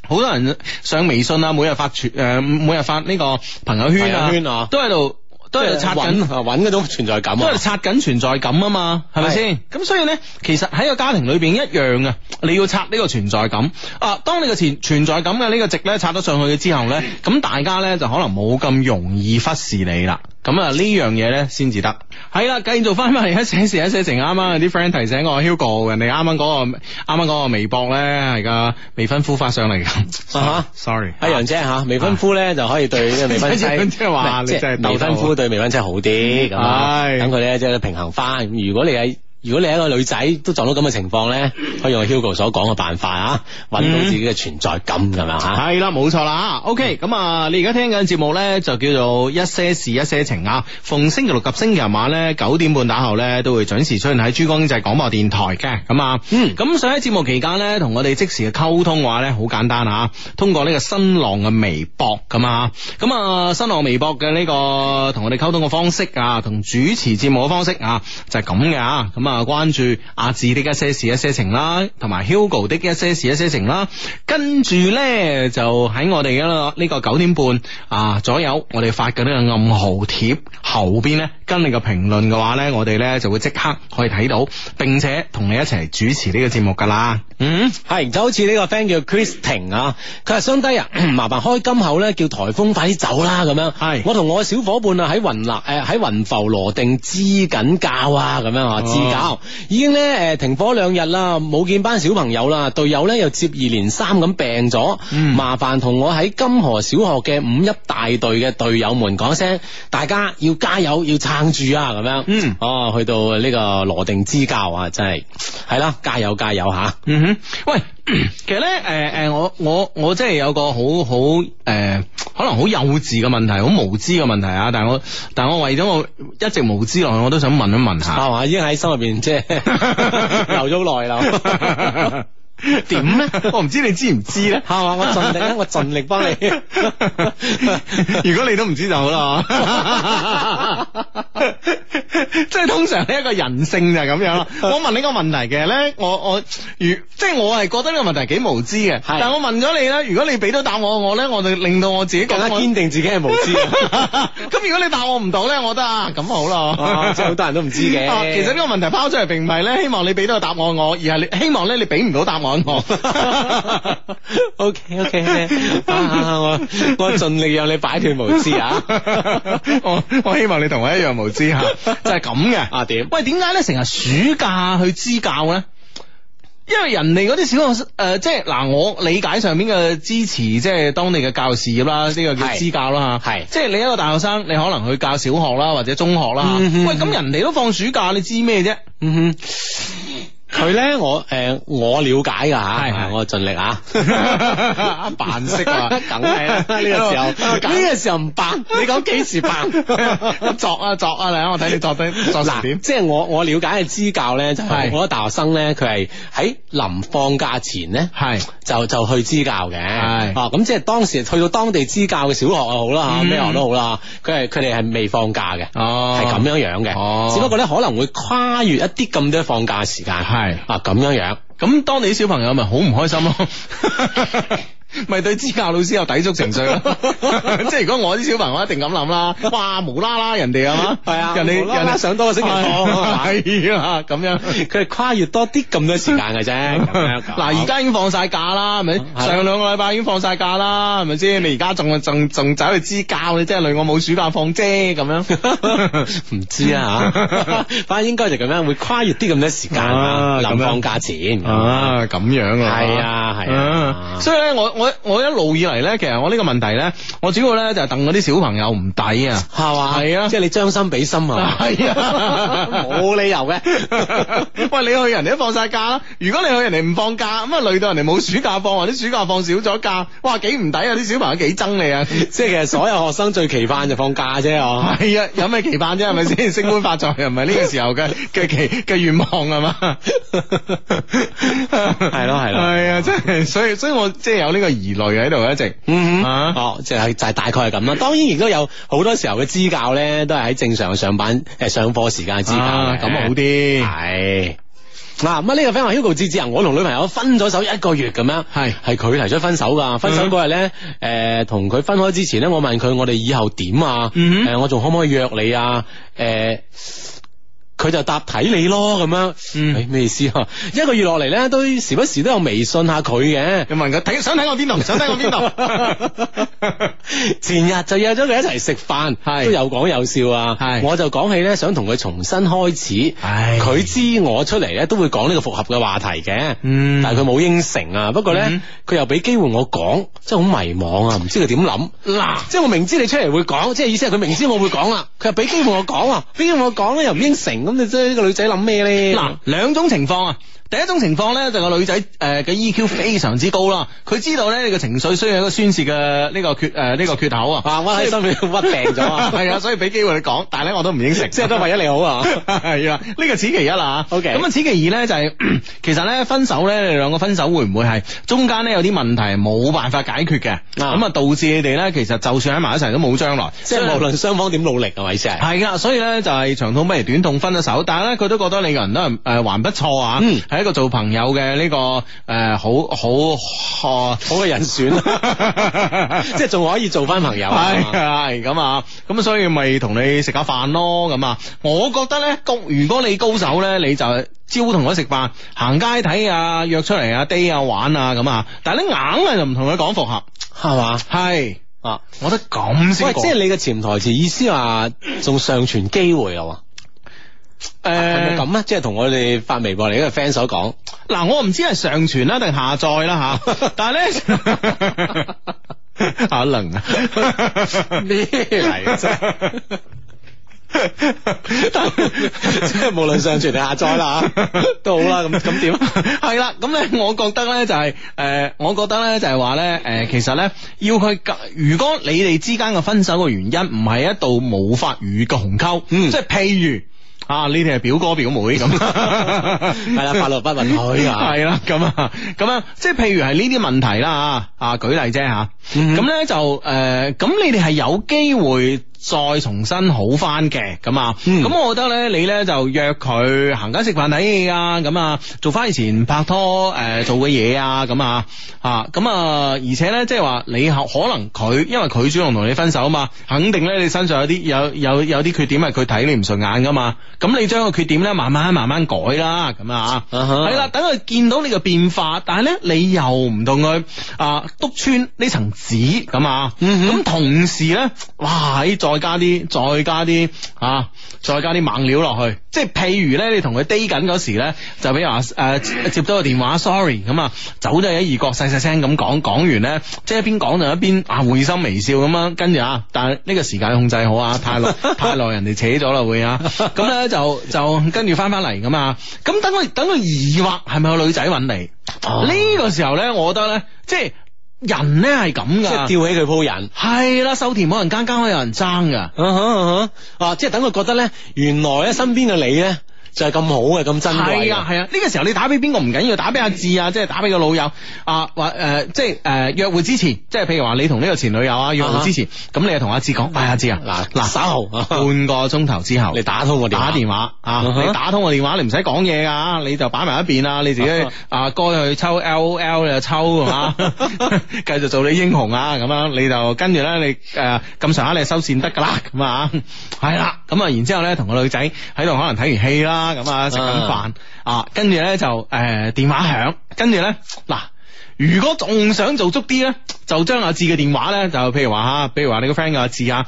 B: 好 [coughs] 多人上微信啊，每日發誒、呃，每日發呢個朋友，朋友圈啊，都喺度。都係刷緊啊，搵嗰種存在感，都係刷緊存在感啊嘛，係咪先？咁所以咧，其實喺個家庭裏邊一樣啊，你要刷呢個存在感啊。當你個前存在感嘅呢個值咧刷得上去之後咧，咁大家咧就可能冇咁容易忽視你啦。咁啊呢樣嘢，咧先至得。係啦，繼續翻埋一些事一些情。啱啱啲 friend 提醒我，Hugo 人哋啱啱講個啱啱個微博咧係個未婚夫發上嚟噶，吓，sorry，阿楊姐吓、啊、未婚夫咧就可以對未婚、啊、即係話即係未婚夫對未婚妻好啲咁，唉等佢咧即係平衡翻。如果你喺如果你係一個女仔都撞到咁嘅情況咧，可以用 Hugo 所講嘅辦法啊，揾到自己嘅存在感，咁樣吓，係啦，冇錯啦。OK，咁啊，嗯，你而家聽緊節目咧，就叫做一些事一些情啊。逢星期六及星期日晚咧，九點半打後咧，都會準時出現喺珠江經濟廣播電台嘅。咁啊，嗯，咁上喺節目期間咧，同我哋即時嘅溝通話咧，好簡單啊，通過呢個新浪嘅微博咁啊，咁啊，新浪微博嘅呢個同我哋溝通嘅方式啊，同主持節目嘅方式啊，就係咁嘅啊，咁啊。啊！關注阿志的一些事一些情啦，同埋 Hugo 的一些事一些情啦。跟住咧，就喺我哋嘅呢個九點半啊左右，啊、左右我哋發嘅呢個暗號貼後邊咧。跟你個評論嘅話呢，我哋呢就會即刻可以睇到，並且同你一齊主持呢個節目噶啦。嗯，係就好似呢個 friend 叫 Kristin 啊，佢話雙低啊，麻煩開金口呢，叫台風快啲走啦咁樣。係是我同我嘅小伙伴啊喺雲立誒喺雲浮羅定支緊教啊咁樣支教，知哦、已經呢誒、呃、停火兩日啦，冇見班小朋友啦，隊友呢又接二連三咁病咗。嗯、麻煩同我喺金河小學嘅五一大隊嘅隊友們講聲，大家要加油，要撐。撐住啊，咁樣，嗯，哦、啊，去到呢個羅定支教啊，真係係啦，加油加油吓、啊，嗯哼，喂，其實咧，誒、呃、誒，我我我真係有個好好誒，可能好幼稚嘅問題，好無知嘅問題啊，但係我但係我為咗我一直無知落去，我都想問一問一下，啊，已經喺心入邊即係留咗耐啦。點咧？我唔知你知唔知咧，係嘛？我盡力，我盡力幫你。如果你都唔知就好啦。即係通常呢一個人性就係咁樣咯。我問你個問題嘅咧，我我如即係我係覺得呢個問題幾無知嘅。但係我問咗你咧，如果你俾到答案我咧，我就令到我自己更加堅定自己係無知。咁如果你答我唔到咧，我覺得啊咁好咯。即係好多人都唔知嘅。其實呢個問題拋出嚟並唔係咧，希望你俾到答案我，而係你希望咧，你俾唔到答案。我 [laughs] ，OK OK，、啊、我我盡力讓你擺脫無知啊！ [laughs] [laughs] 我我希望你同我一樣無知吓、啊，就係咁嘅啊點？喂，點解咧成日暑假去支教咧？因為人哋嗰啲小學誒、呃，即係嗱、呃，我理解上面嘅支持，即係當地嘅教育事業啦，呢個叫支教啦吓，係即係你一個大學生，你可能去教小學啦，或者中學啦。嗯、哼喂，咁人哋都放暑假，你知咩啫？嗯哼佢咧，我誒我瞭解㗎嚇，係我盡力啊！扮識梗係呢個時候，呢個時候唔扮，你講幾時扮？作啊作啊嚟我睇你作得作點？即係我我瞭解嘅支教咧，就係好多大學生咧，佢係喺臨放假前咧，係就就去支教嘅。係啊，咁即係當時去到當地支教嘅小學又好啦嚇，咩學都好啦，佢係佢哋係未放假嘅，係咁樣樣嘅。只不過咧，可能會跨越一啲咁多放假時間。係啊，咁樣樣，咁當你小朋友咪好唔開心咯。 [laughs] 咪對支教老師有抵觸情緒咯，即係如果我啲小朋友一定咁諗啦，哇，無啦啦人哋，係嘛？係啊，人哋人哋上多個星期課，係啊咁樣，佢係跨越多啲咁多時間嘅啫。嗱而家已經放晒假啦，係咪？上兩個禮拜已經放晒假啦，係咪先？你而家仲仲仲走去支教，你真係累我冇暑假放啫，咁樣唔知啊，反正應該就咁樣會跨越啲咁多時間啊，臨放假前啊，咁樣係啊係啊，所以咧我。我我一路以嚟咧，其實我呢個問題咧，我主要咧就戥我啲小朋友唔抵啊，係嘛？係啊，即係你將心比心啊，係啊，冇理由嘅。喂，你去人哋都放晒假啦，如果你去人哋唔放假，咁啊累到人哋冇暑假放，或者暑假放少咗假，哇，幾唔抵啊！啲小朋友幾憎你啊！即係其實所有學生最期盼就放假啫，係啊，有咩期盼啫？係咪先升官發財，又唔係呢個時候嘅嘅期嘅願望係嘛？係咯，係咯，係啊，即係所以，所以我即係有呢個。疑慮喺度一直，嗯哼，哦，即係就係、是、大概係咁啦。當然亦都有好多時候嘅支教咧，都係喺正常嘅上班誒、呃、上課時間支教。咁好啲。係嗱，咁啊呢個 friend 話 Hugo 志志啊，啊這個、智智，我同女朋友分咗手一個月咁樣，係係佢提出分手噶。分手嗰日咧，誒同佢分開之前咧，我問佢我哋以後點啊？誒、嗯哼呃、我仲可唔可以約你啊？誒、呃。佢就答睇你咯，咁樣，嗯，咩意思？一個月落嚟咧，都時不時都有微信下佢嘅，又問佢睇想睇我邊度，想睇我邊度。前日就約咗佢一齊食飯，係都有講有笑啊，係，我就講起咧，想同佢重新開始，係，佢知我出嚟咧，都會講呢個復合嘅話題嘅，嗯，但係佢冇應承啊，不過咧，佢又俾機會我講，真係好迷茫啊，唔知佢點諗。嗱，即係我明知你出嚟會講，即係意思係佢明知我會講啦，佢又俾機會我講，俾機會我講咧又唔應承。咁你即係呢個女仔諗咩咧？嗱，兩種情況啊。第一種情況咧，就是、個女仔誒嘅 EQ 非常之高咯，佢知道咧你嘅情緒需要一個宣泄嘅呢個缺誒呢、呃呢個缺口啊！哇，我喺心裏屈病咗啊，係啊，所以俾機會你講，但係咧我都唔應承，即係都為咗你好啊，係啊，呢個此其一啦嚇。O.K. 咁啊，此其二咧就係、是、其實咧分手咧，你兩個分手會唔會係中間咧有啲問題冇辦法解決嘅？咁啊導致你哋咧其實就算喺埋一齊都冇將來，啊、即係無論雙方點努力啊，意思係。係噶，所以咧就係長痛不如短痛，分咗手，但係咧佢都覺得你個人都係誒還不錯啊，嗯呢個做朋友嘅，呢、這個誒、呃，好好好嘅人選，即係仲可以做翻朋友。係咁啊，咁所以咪同你食下飯咯。咁啊，我覺得咧高，如果你高手咧，你就照同佢食飯、行街睇啊、約出嚟啊、day 啊，啊、玩啊咁啊。但係咧硬係就唔同佢講復合，係嘛吧？係是、啊，我覺得咁先。喂，即係你嘅潛台詞意思話，仲上傳機會啊？誒咁啊，欸、係咪即係同我哋發微博嚟嗰個 friend 所講，嗱、呃、我唔知係上傳啦定下載啦吓，啊、 [laughs] 但係咧 [laughs] 可能咩嚟啊真，即係無論上傳定下載啦吓， [laughs] 都好啦咁咁點啊？係啦，咁咧 [laughs] 我覺得咧就係、是、誒、呃，我覺得咧就係話咧誒，其實咧要佢，如果你哋之間嘅分手嘅原因唔係一道冇法逾嘅鴻溝，即係、嗯、譬如。啊！呢啲係表哥表妹咁，係啦， [laughs] [laughs] 法律不允許啊，係啦， [laughs] [laughs] 咁啊，咁啊，即係譬如係呢啲問題啦吓啊，舉例啫吓，咁咧就誒，咁、呃、你哋係有機會。再重新好翻嘅咁啊，咁、嗯、我覺得咧，你咧就約佢行街食飯睇戲啊，咁啊做翻以前拍拖誒做嘅嘢啊，咁啊啊咁啊，而且咧即係話你可能佢因為佢主動同你分手啊嘛，肯定咧你身上有啲有有有啲缺點係佢睇你唔順眼噶嘛，咁你將個缺點咧慢慢慢慢改啦，咁啊係啦，等佢、啊哈啊、見到你嘅變化，但係咧你又唔同佢啊篤穿呢層紙咁啊，咁、啊、同時咧哇喺再加啲，再加啲，啊，再加啲猛料落去，即係譬如咧，你同佢低緊嗰時咧，就比如話誒接到個電話，sorry 咁啊，走咗喺異國，細細聲咁講，講完咧，即係一邊講就一邊啊會心微笑咁樣，跟住啊，但係呢個時間控制好啊，太耐 [laughs] 太耐，人哋扯咗啦會啊，咁咧就就跟住翻翻嚟咁啊。咁等佢等佢疑惑係咪個女仔揾你？呢、哦、個時候咧，我覺得咧，即係。人咧係咁噶，即係吊起佢鋪人，係啦，收田冇人耕，耕開有人爭噶，uh huh, uh huh. 啊，即係等佢覺得咧，原來咧身邊嘅你咧。就係咁好嘅咁珍貴係啊係啊呢個時候你打俾邊個唔緊要，打俾阿志啊，即係打俾個老友啊，或誒即係誒約會之前，即係譬如話你同呢個前女友啊約會之前，咁你就同阿志講，喂阿志啊嗱嗱，稍後半個鐘頭之後，你打通個電打電話啊，你打通個電話，你唔使講嘢啊，你就擺埋一邊啊，你自己啊過去抽 L O L 就抽啊嘛，繼續做你英雄啊咁樣，你就跟住咧你誒咁上下你收線得噶啦咁啊，係啦咁啊，然之後咧同個女仔喺度可能睇完戲啦。啦咁啊，食緊飯啊，跟住咧就誒電話響，跟住咧嗱，如果仲想做足啲咧，就將阿志嘅電話咧，就譬如話吓，譬如話你個 friend 嘅阿志啊，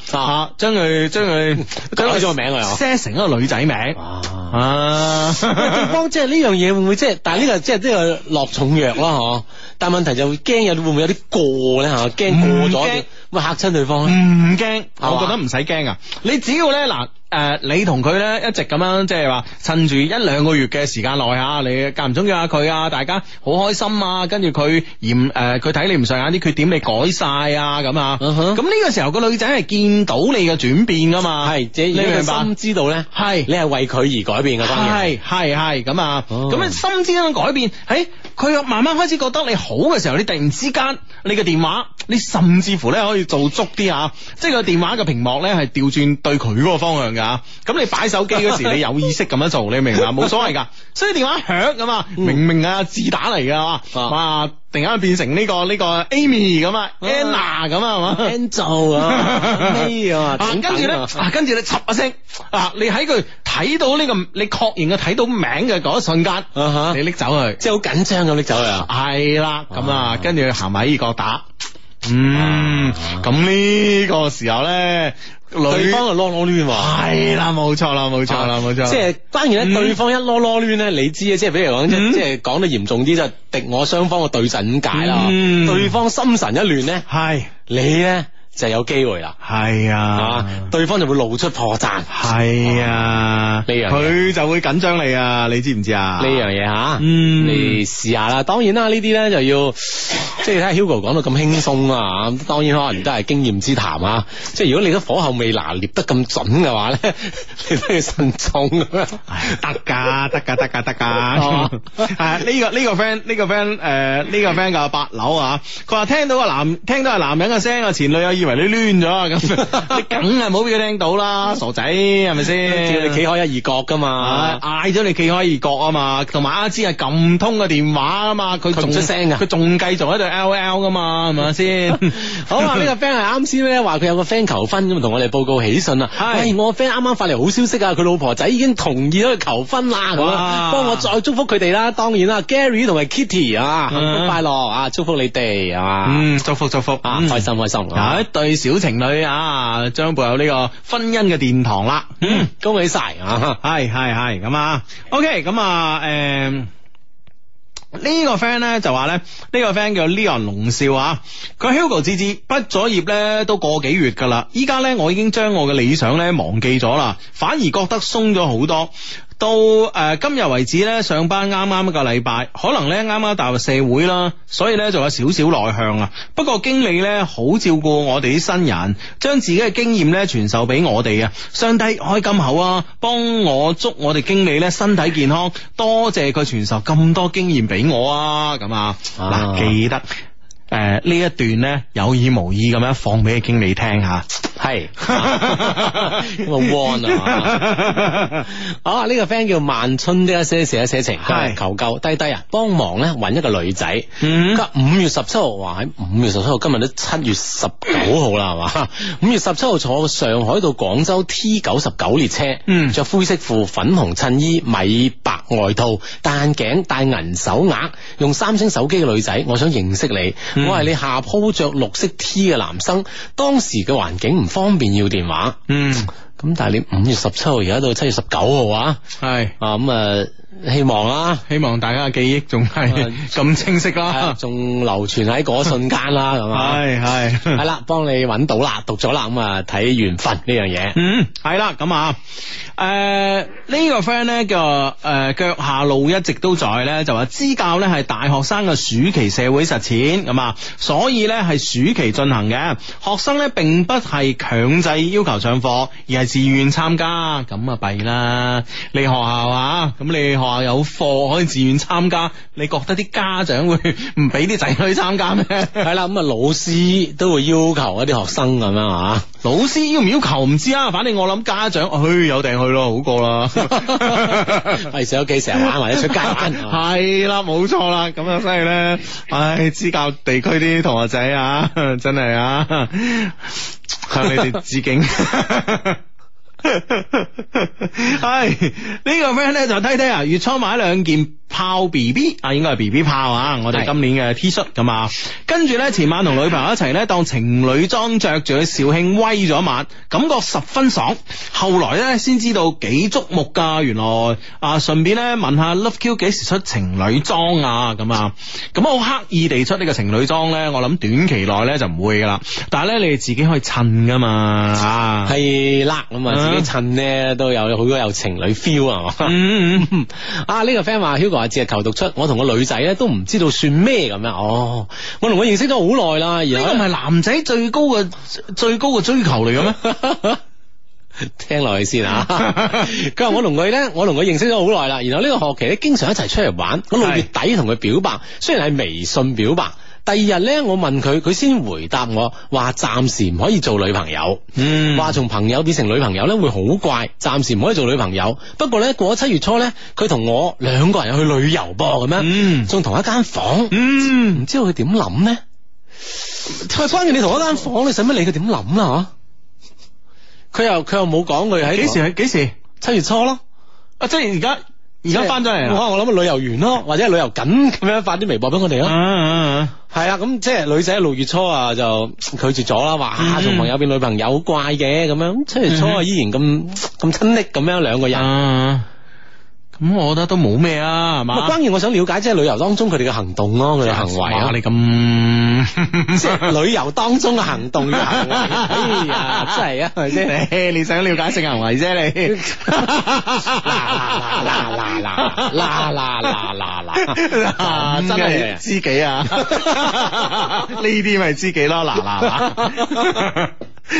B: 將佢將佢改咗個名啊，set 成一個女仔名啊，對方即係呢樣嘢，會唔會即係？但係呢個即係都有落重藥囉，嗬。但係問題就驚有會唔會有啲過咧吓，驚過咗，會嚇親對方？唔驚，我覺得唔使驚啊。你只要咧嗱。誒、呃，你同佢咧一直咁樣，即係話趁住一兩個月嘅時間內吓，你間唔中意下佢啊，大家好開心啊，跟住佢嫌誒，佢、呃、睇你唔順眼啲缺點，你改晒啊，咁啊，咁呢、uh huh. 個時候個女仔係見到你嘅轉變噶嘛，係你明白？心知道咧，係是你係為佢而改變嘅，係係係咁啊，咁、uh huh. 你心之間改變，誒、欸，佢又慢慢開始覺得你好嘅時候，你突然之間你嘅電話，你甚至乎咧可以做足啲啊，即係個電話嘅屏幕咧係調轉對佢個方向嘅。咁你擺手機嗰時，你有意識咁樣做，你明唔明啊？冇所謂噶，所以電話一響咁啊，明明啊字打嚟噶嘛，哇！突然間變成呢個呢個 Amy 咁，Anna 咁係嘛，Angel 咁，啊？跟住咧，跟住你插一聲啊！你喺佢睇到呢個，你確認嘅睇到名嘅嗰一瞬間，你拎走去，即係好緊張咁拎走去。係啦，咁啊，跟住行埋呢個打。嗯，咁呢個時候咧。女對方就囉囉攣，係啦的，冇錯啦，冇錯啦，冇、啊、錯。即係是，當然咧，嗯、對方一囉囉攣咧，你知啊，即係，比如講，即係講得嚴重啲就敵我雙方嘅對陣點解啦。嗯，對方心神一亂咧，係的你咧。就有機會啦，係啊，對方就會露出破綻，係啊，呢樣佢就會緊張你啊，你知唔知啊？呢樣嘢嚇、啊，嗯，你試下啦。當然啦，呢啲咧就要即係睇下 Hugo 講到咁輕鬆啊，嚇，當然可能都係經驗之談啊。即係如果你嘅火候未拿捏得咁準嘅話咧，你都要慎重咁樣。得㗎，得㗎，得㗎，得㗎。哦，啊呢個呢個 friend 呢個 friend 誒呢個 friend 嘅八樓啊，佢話聽到個男聽到係男人嘅聲啊，前女友。以為你亂咗咁，梗係冇好俾佢聽到啦，傻仔係咪先？你企開一二角噶嘛，嗌咗你企開二角啊嘛，同埋阿芝係咁通嘅電話啊嘛，佢仲出聲啊，佢仲繼續喺度 L O L 噶嘛，係咪先？好啊，呢個 friend 係啱先咧，話佢有個 friend 求婚，咁同我哋報告喜訊啊。喂，我 friend 啱啱發嚟好消息啊，佢老婆仔已經同意咗佢求婚啦，咁幫我再祝福佢哋啦。當然啦，Gary 同埋 Kitty 啊，幸福快樂啊，祝福你哋係嘛，嗯，祝福祝福啊，開心開心。對小情侶啊，將步入呢個婚姻嘅殿堂啦、嗯，恭喜晒，係係係咁啊，OK，咁、嗯、啊，誒、這個，呢、呢個 friend 咧就話咧，呢個 friend 叫 Leon 龍少啊，佢 Hugo 之之，畢咗業咧都個幾月噶啦，依家咧我已經將我嘅理想咧忘記咗啦，反而覺得鬆咗好多。到誒今日為止呢，上班啱啱一個禮拜，可能呢啱啱踏入社會啦，所以呢就有少少內向啊。不過經理呢好照顧我哋啲新人，將自己嘅經驗呢傳授俾我哋啊！上帝開金口啊，幫我祝我哋經理呢身體健康，多謝佢傳授咁多經驗俾我啊！咁啊，嗱記得。啊誒，呢、呃、一段咧有意無意咁樣放俾嘅經理聽吓，係個汪啊！好啊，呢、啊這個 friend 叫萬春的寫寫寫情，係是求救，弟弟啊，幫忙咧揾一個女仔。嗯，今五月十七號話喺五月十七號，今日都七、嗯、月十九號啦，係嘛？五月十七號坐上海到廣州 T 九十九列車，嗯，着灰色褲、粉紅襯衣、米白外套、戴眼鏡、戴銀手鐲，用三星手機嘅女仔，我想認識你。嗯我係、嗯、你下鋪着綠色 T 嘅男生，當時嘅環境唔方便要電話，嗯，咁但係你五月十七號而家到七月十九號啊，係啊咁啊。呃希望啦，希望大家嘅記憶仲係咁清晰啦，仲、啊、流傳喺嗰瞬間啦，係嘛？係係係啦，幫是你搵到啦，讀咗啦，咁啊睇緣分呢樣嘢。嗯，係啦，咁啊，誒、呃這個、呢個 friend 咧叫誒腳、呃、下路一直都在咧，就話支教咧係大學生嘅暑期社會實踐，咁啊，所以咧係暑期進行嘅，學生咧並不係強制要求上課，而係自願參加，咁啊弊啦，你學校啊，咁你。話有課可以自願參加，你覺得啲家長會唔俾啲仔女參加咩？係 [laughs] 啦、嗯，咁啊老師都會要求一啲學生咁樣吓，老師要唔要求唔知啊，反正我諗家長，唉、哎，有定去咯，好過啦。係喺屋企成日玩或者出街玩，係啦， [laughs] [laughs] 冇錯啦，咁啊，所以咧，唉，支教地區啲同學仔啊，真係啊，向你哋致敬。 [laughs] 係、 [laughs] 這個、呢個 friend 咧就睇睇啊，月初買兩件。泡 B B 啊，炮 BB? 應該係 B B 炮啊！我哋今年嘅 T 恤咁啊，的跟住咧前晚同女朋友一齊咧當情侶裝着住去肇慶威咗一晚，感覺十分爽。後來咧先知道幾矚目噶，原來啊順便咧問下 Love Q 幾時出情侶裝啊？咁啊咁啊好刻意地出呢個情侶裝咧，我諗短期內咧就唔會噶啦。但係咧你哋自己可以襯噶嘛啊係啦咁啊，自己襯咧都有好多有情侶 feel、 [laughs] 嗯嗯嗯、啊！嗯啊呢個 friend 話 Hugo。只係求讀出，我同個女仔咧都唔知道算咩咁樣。哦，我同佢認識咗好耐啦。然後呢個唔係男仔最高嘅，最高嘅追求嚟嘅咩？ [laughs] 聽落去先啊！佢話 [laughs] 我同佢咧，我同佢認識咗好耐啦。然後呢個學期咧，經常一齊出嚟玩。Okay. 我六月底同佢表白，雖然係微信表白。第二日咧，我問佢，佢先回答我話暫時唔可以做女朋友，嗯，話從朋友變成女朋友咧會好怪，暫時唔可以做女朋友。不過咧過咗七月初咧，佢同我兩個人去旅遊噃，咁樣，嗯，仲同一間房，嗯，唔知道佢點諗咧。喂，關鍵你同一間房，七月你使乜理佢點諗啊？佢又佢又冇講，佢喺幾時？係幾時？七月初咯。啊，即係而家。
C: 而家翻咗嚟啊！我可能
B: 我諗旅遊完咯，或者旅遊緊咁樣發啲微博俾我哋咯。係啊，咁、啊啊啊啊、即係女仔喺六月初啊就拒絕咗啦，話同、嗯、朋友變女朋友，好怪嘅咁樣。七月初啊、嗯、依然咁咁親昵咁樣兩個人。啊啊咁我覺得都冇咩啊，係嘛？關鍵我想了解即係、就是、旅遊當中佢哋嘅行動咯，佢哋嘅行為啊！你咁 [laughs] 旅遊當中嘅行動行為，哎呀，真係啊，係咪先你？你想了解性行為啫你？嗱嗱嗱嗱嗱嗱嗱嗱嗱真係知、啊、己啊！
C: 呢
B: 啲咪知己咯？嗱嗱嗱，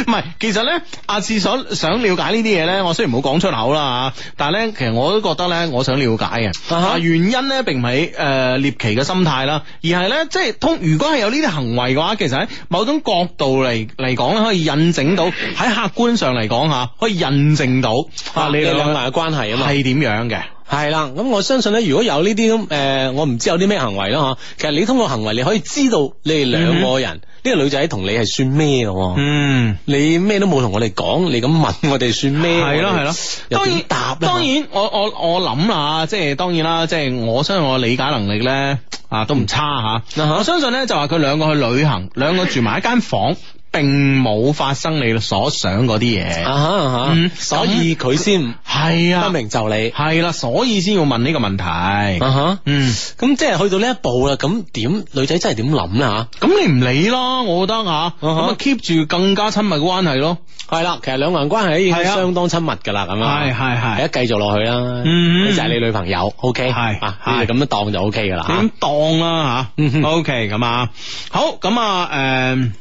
B: 唔係， [laughs] 其實咧，阿志想想了解呢啲嘢咧，我雖然冇講出口啦，但係咧，其實我都覺得咧。我想了解嘅、uh huh. 原因咧，並唔係誒獵奇嘅心態啦，而係咧即係通。如果係有呢啲行為嘅話，其實喺某種角度嚟嚟講咧，可以印證到喺 [laughs] 客觀上嚟講吓，可以印證到啊你哋兩個人嘅關係啊，係點樣嘅。 [laughs] 係啦，咁我相信咧，如果有呢啲咁，誒、呃，我唔知有啲咩行為啦吓。其實你通過行為，你可以知道你哋兩個人，呢、嗯嗯、個女仔同你係算咩咯？嗯你，你咩都冇同我哋講，你咁問我哋算咩？係咯係咯，當然答。當然，我我我諗啦，即、就、係、是、當然啦，即係我相信我理解能力咧，嗯、啊，都唔差吓。我相信咧，就話佢兩個去旅行，兩 [laughs] 個住埋一間房間。並冇發生你所想嗰啲嘢，所以佢先係啊，不明就你係啦，所以先要問呢個問題。嗯，咁即係去到呢一步啦，咁點女仔真係點諗啊？咁你唔理咯，我覺得吓，咁 keep 住更加親密嘅關係咯。係啦，其實兩個人關係已經相當親密噶啦，咁係係係，而家繼續落去啦。嗯，就係你女朋友，OK 係啊，咁樣當就 OK 噶啦。咁當啦吓，OK 咁啊，好咁啊，誒。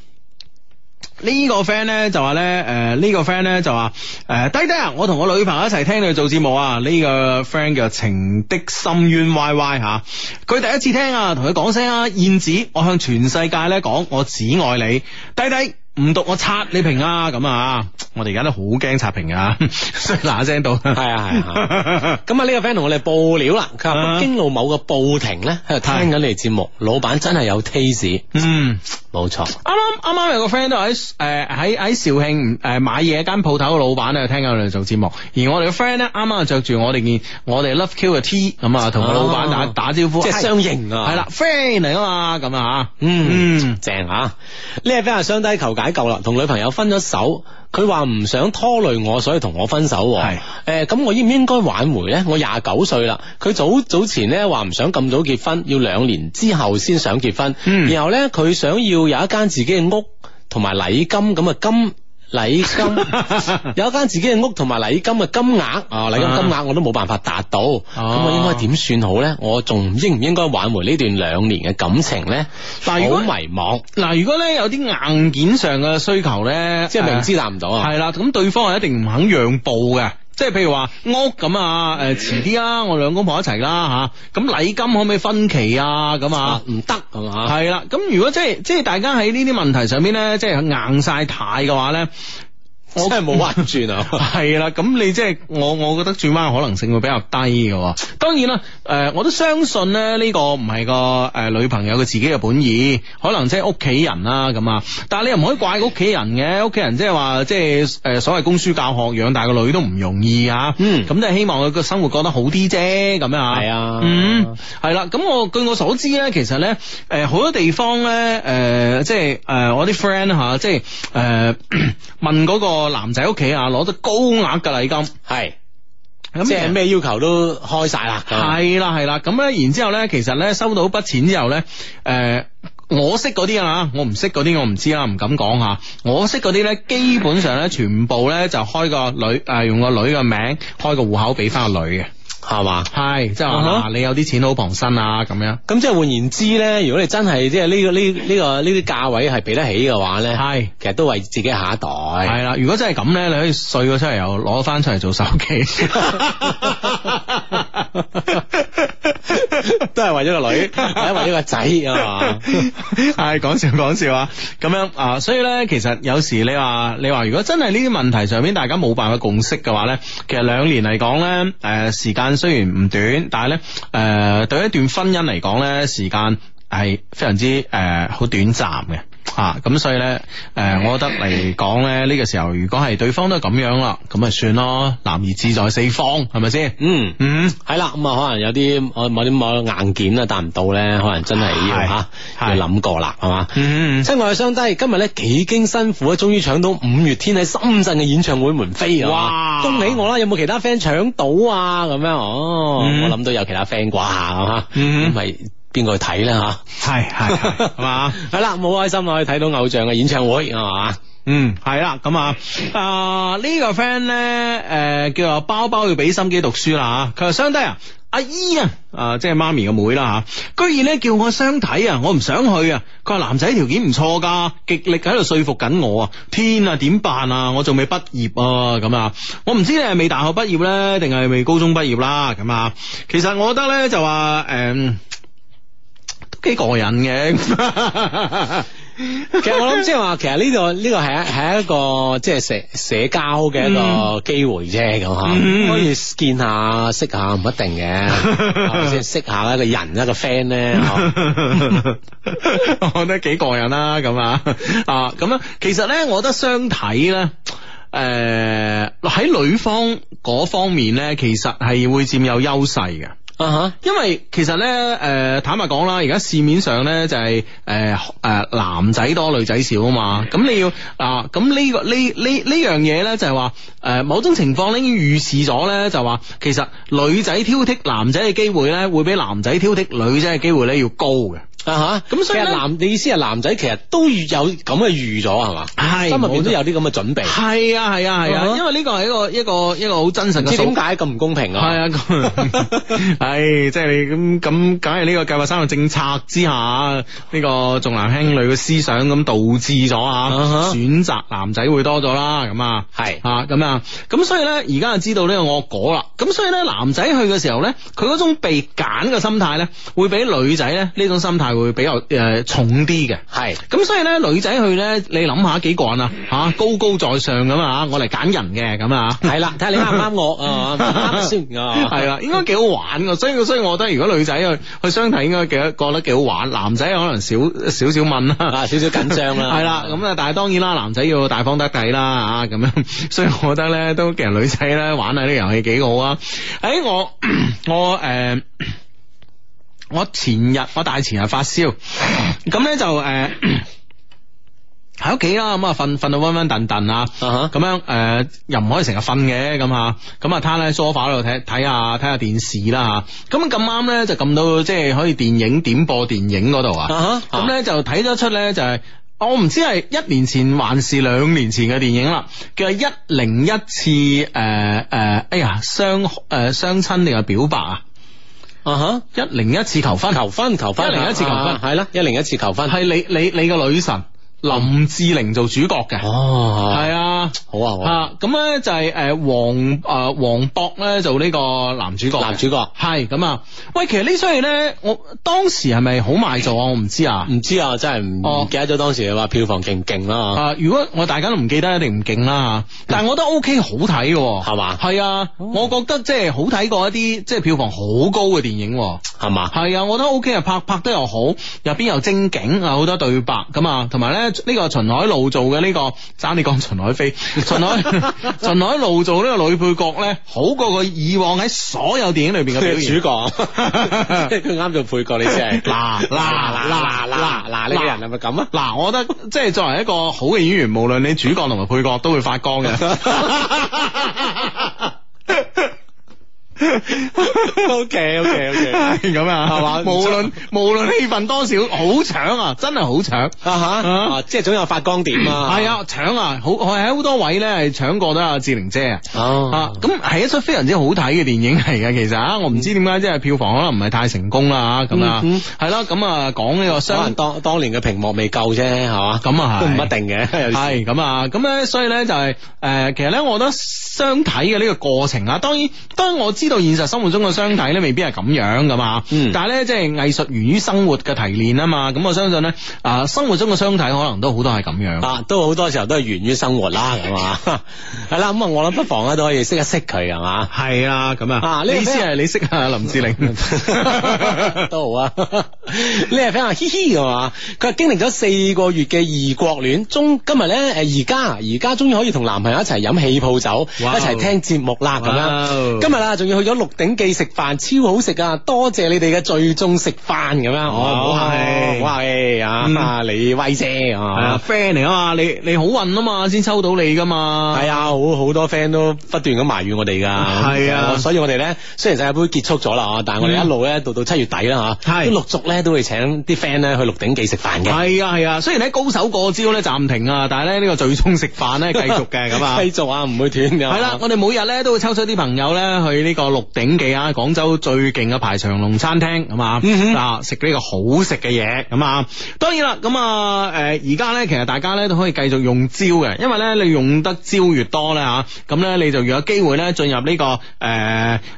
B: 呢個 friend 呢就話咧，誒、呃、呢、這個 friend 呢就話，誒、呃、低低，我同我女朋友一齊聽你做節目啊。呢、這個 friend 叫情的深淵歪歪吓，佢、啊、第一次聽啊，同佢講聲燕子，我向全世界咧講，我只愛你，低低唔讀我拆你平啊咁啊。我哋而家都好驚刷屏啊，嗱一聲到。係啊係啊。咁啊呢個 friend 同我哋報料啦，佢話北京路某個報亭咧，是聽緊你哋節目， [laughs] 老闆真係有 taste。嗯，冇錯。啱啱啱啱有個 friend 都喺誒喺喺肇慶誒、呃、買嘢間鋪頭嘅老闆咧，聽緊我哋做節目。而我哋個 friend 咧，啱啱着住我哋件我哋 love kill 嘅 T，咁啊同個老闆打、哦、打招呼，即係相認啊。係啦、哎、，friend 嚟啊嘛，咁啊吓。嗯，正啊。呢、啊、個 friend 係雙低求解救啦，同女朋友分咗手。佢話唔想拖累我，所以同我分手。係，誒，咁我應唔應該挽回咧？我廿九歲啦，佢早早前咧話唔想咁早結婚，要兩年之後先想結婚。嗯，然後咧佢想要有一間自己嘅屋同埋禮金咁嘅，金。禮金 [laughs] 有一間自己嘅屋同埋禮金嘅金額啊，禮金金額我都冇辦法達到，咁、啊、我應該點算好咧？我仲應唔應該挽回呢段兩年嘅感情咧？但係好迷茫。嗱，如果咧有啲硬件上嘅需求咧，即係明知達唔到，係啦、啊，咁對，對方係一定唔肯讓步嘅。即係譬如話屋咁啊，誒、呃，遲啲啦，我兩公婆一齊啦吓，咁、啊、禮金可唔可以分期啊？咁啊，唔得係嘛，係啦。咁如果即係即係大家喺呢啲問題上邊咧，即係硬晒太嘅話咧。我真係冇彎轉啊！ [laughs] 係啦、就是，咁你即係我，我覺得轉彎嘅可能性會比較低嘅。當然啦，誒、呃、我都相信咧，呢、這個唔係個誒、呃、女朋友嘅自己嘅本意，可能即係屋企人啦、啊、咁啊。但係你又唔可以怪屋企人嘅、啊，屋企人即係話即係誒所謂供書教學養大個女都唔容易啊。嗯，咁都係希望佢個生活過得好啲啫。咁、嗯嗯、啊，係啊、嗯，嗯，係啦。咁我據我所知咧，其實咧誒好多地方咧誒、呃就是呃、即係誒我啲 friend 吓即係誒問、那個。個男仔屋企啊，攞咗高額㗎喇，係咁即係咩要求都開晒啦，係啦係啦，咁咧然之後咧，其實咧收到筆錢之後咧，誒、呃，我識嗰啲啊，我唔識嗰啲我唔知啦，唔敢講吓，我識嗰啲咧，基本上咧全部咧就開個女誒、呃，用個女嘅名開個戶口俾翻個女嘅。係嘛，係，即係話你有啲錢好傍身啊，咁樣，咁即係換言之咧，如果你真係即係呢個呢呢個呢啲價位係俾得起嘅話咧，係， [laughs] 其實都為自己下一代，係啦，如果真係咁咧，你可以稅咗出嚟又攞翻出嚟做手機。 [laughs] [laughs] [laughs] [laughs] 都係為咗個女， [laughs] 或者為咗個仔，吖嘛？ [laughs] [laughs] 係講笑講笑啊！咁樣啊、呃，所以咧，其實有時你話你話，如果真係呢啲問題上邊大家冇辦法共識嘅話咧，其實兩年嚟講咧，誒、呃，時間雖然唔短，但係咧，誒、呃，對一段婚姻嚟講咧，時間。係非常之誒，好短暫嘅啊！咁所以咧，誒，我覺得嚟講咧，呢個時候如果係對方都咁樣啦，咁咪算咯，男兒志在四方，係咪先？嗯嗯，係啦，咁啊，可能有啲我某啲某硬件啊達唔到咧，可能真係要吓要諗過啦，係嘛？嗯，親愛的相低，今日咧幾經辛苦，終於搶到五月天喺深圳嘅演唱會門飛啊！哇，恭喜我啦！有冇其他 friend 搶到啊？咁樣哦，我諗到有其他 friend 掛下吓，係。邊個去睇咧吓？
A: 係係係
B: 嘛？係啦， [laughs] 冇，開心可以睇到偶像嘅演唱會係嘛， [laughs] [laughs] 嗯？嗯，係啦，咁啊呢個 friend 咧誒，叫做包包要俾心機讀書啦吓。佢話相低啊，阿姨啊，誒、嗯，即係媽咪個妹啦吓，居然咧叫我相睇啊，我唔想去啊。佢話男仔條件唔錯噶，極力喺度說服緊我啊！天啊，點辦啊？嗯、我仲未畢業，畢業啊，咁啊，我唔知你係未大學畢業咧，定係未高中畢業啦。咁啊，其實我覺得咧就話誒。欸幾過癮嘅，其實我諗即係話，其實呢個呢個係係一個即係、就是、社社交嘅一個機會啫，咁嗬、mm，hmm。可以見下識下，唔一,一定嘅，先 [laughs] 識下一個人一個 friend 咧， [laughs] [laughs] [laughs] 我覺得幾過癮啦，咁啊咁啊，其實咧，我覺得相睇咧，誒、呃，喺女方嗰方面咧，其實係會佔有優勢嘅。Uh huh. 因為其實咧，誒、呃，坦白講啦，而家市面上咧就係誒誒男仔多女仔少啊嘛，咁你要啊，咁呢個呢呢呢樣嘢咧、啊、就係話，誒、呃，某種情況咧已經預示咗咧就話，其實女仔挑剔男仔嘅機會咧會比男仔挑剔女仔嘅機會咧要高嘅。啊吓，咁，uh huh. 所以男你意思係男仔其實都有咁嘅預咗係嘛？係心入邊都有啲咁嘅準備。係啊係啊係啊，啊啊 uh huh. 因為呢個係一個一個一個好真實嘅。即係點解咁唔公平啊？係啊， [laughs] [laughs] 哎，係即係你咁咁，梗係呢個計劃生育政策之下呢，呢個重男輕女嘅思想咁導致咗，uh huh. 啊，選擇男仔會多咗啦。咁啊係啊咁啊，咁，啊，所以咧而家就知道呢個惡果啦。咁所以咧男仔去嘅時候咧，佢嗰種被揀嘅心態咧，會比女仔咧呢種心態。會比較誒重啲嘅，係咁是所以咧女仔去咧，你諗下幾個人啊吓，高高在上咁啊，我嚟揀人嘅咁啊，係啦，睇下你啱唔啱我啱先，係啦，應該幾好玩嘅，所以所以我覺得如果女仔去去相睇應該幾覺得幾好玩，男仔可能少少少問啦、啊，少少緊張啦，係啦， [laughs] 咁、嗯、啊，但係當然啦，男仔要大方得體啦啊，咁、啊、樣，所以我覺得咧都其實女仔咧玩下呢個遊戲幾好啊，誒、哎，我我誒。我呃呃呃我前日我大前日發燒，咁咧 [laughs] 就誒喺屋企啦，咁啊瞓瞓到昏昏沌沌啊，咁樣誒、呃、又唔可以成日瞓嘅，咁啊咁啊攤喺 sofa 度睇睇下睇下電視啦吓，咁咁啱咧就撳到即係可以電影點播電影嗰度啊，咁咧 [laughs] 就睇咗出咧就係、是、我唔知係一年前還是兩年前嘅電影啦，叫《一零一次》誒、呃、誒、呃，哎呀，相誒相親定係表白啊？啊哈！一零一次求婚，求婚，求婚，一零一次求婚，係啦、uh，一零一次求婚，係你你你個女神。林志玲做主角嘅，哦，係啊，好啊，好啊，咁咧、啊、就係誒黃誒黃渤咧做呢個男主角，男主角係咁啊，喂，其實呢出戲咧，我當時係咪好賣座啊？我唔知啊，唔知啊，真係唔記得咗當時係話、哦、票房勁唔勁啦，啊，如果我大家都唔記得，一定唔勁啦吓，嗯、但係我覺得 OK 好睇嘅、啊，係嘛吧，係啊，我覺得即係好睇過一啲即係票房好高嘅電影、啊，係嘛吧，係啊，我覺得 OK 啊，拍拍得又好，入邊又精景，好多對白咁啊，同埋咧。呢個秦海璐做嘅呢個，爭你講秦海飛，秦海秦海璐做呢個女配角咧，好過佢以往喺所有電影裏邊嘅女主角，即係佢啱做配角，你先係，嗱嗱嗱嗱嗱嗱呢個人係咪咁啊？嗱，我覺得即係作為一個好嘅演員，無論你主角同埋配角都會發光嘅。 [laughs] O K O K O K 咁啊，係嘛？無論無論戲份多少，好搶啊，真係好搶啊！吓、uh huh. 啊，即係總有發光點啊！係搶 [laughs] 啊,啊，好我喺好多位咧係搶過都阿志玲姐、uh huh. 啊！哦，咁係一出非常之好睇嘅電影嚟嘅，其實啊，我唔知點解、mm hmm. 即係票房可能唔係太成功啦吓，咁啊係咯，咁啊講呢個，可能當當年嘅屏幕未夠啫，係嘛？咁啊都唔一定嘅，係咁啊咁咧， [laughs] 啊 [laughs] 嗯、所以咧就係、是、誒、呃，其實咧我覺得相睇嘅呢個過程啊，當然當我知到現實生活中嘅相體咧，未必係咁樣噶嘛。嗯、但係咧，即係藝術源於生活嘅提煉啊嘛。咁我相信咧，啊、呃、生活中嘅相體可能都好多係咁樣、啊，都好多時候都係源於生活啦。咁嘛，係啦。咁、嗯、啊，我諗不妨咧都可以識一識佢啊嘛。係啊，咁啊，呢、啊、意思係你識下林志玲 [laughs] [laughs] 都好啊。你位 friend 嘻嘻係嘛？佢係經歷咗四個月嘅異國戀，中今日咧，誒而家而家終於可以同男朋友一齊飲氣泡酒，Wow. 一齊聽節目啦。咁樣 Wow. 今日啊，仲要。去咗鹿鼎記食飯，超好食啊！多謝你哋嘅最終食飯咁樣，好係，好係啊！你威啫啊，friend 啊嚟啊嘛，你你好運啊嘛，先抽到你噶嘛，係啊，好好多 friend 都不斷咁埋怨我哋噶，係啊，所以我哋咧雖然世界杯結束咗啦，但係我哋一路咧到到七月底啦吓，都陸續咧都會請啲 friend 咧去鹿鼎記食飯嘅，係啊係啊，雖然喺高手過招咧暫停啊，但係咧呢個最終食飯咧繼續嘅咁啊，繼續啊，唔會斷嘅，係啦，我哋每日咧都會抽出啲朋友咧去呢個。個《鹿鼎記》啊，廣州最勁嘅排長龍餐廳，咁啊，食呢個好食嘅嘢，咁啊，當然啦，咁啊，誒、呃，而家呢，其實大家呢都可以繼續用招嘅，因為呢，你用得招越多、啊、呢，吓、這個，咁、呃、呢，你就越有機會呢進入呢個誒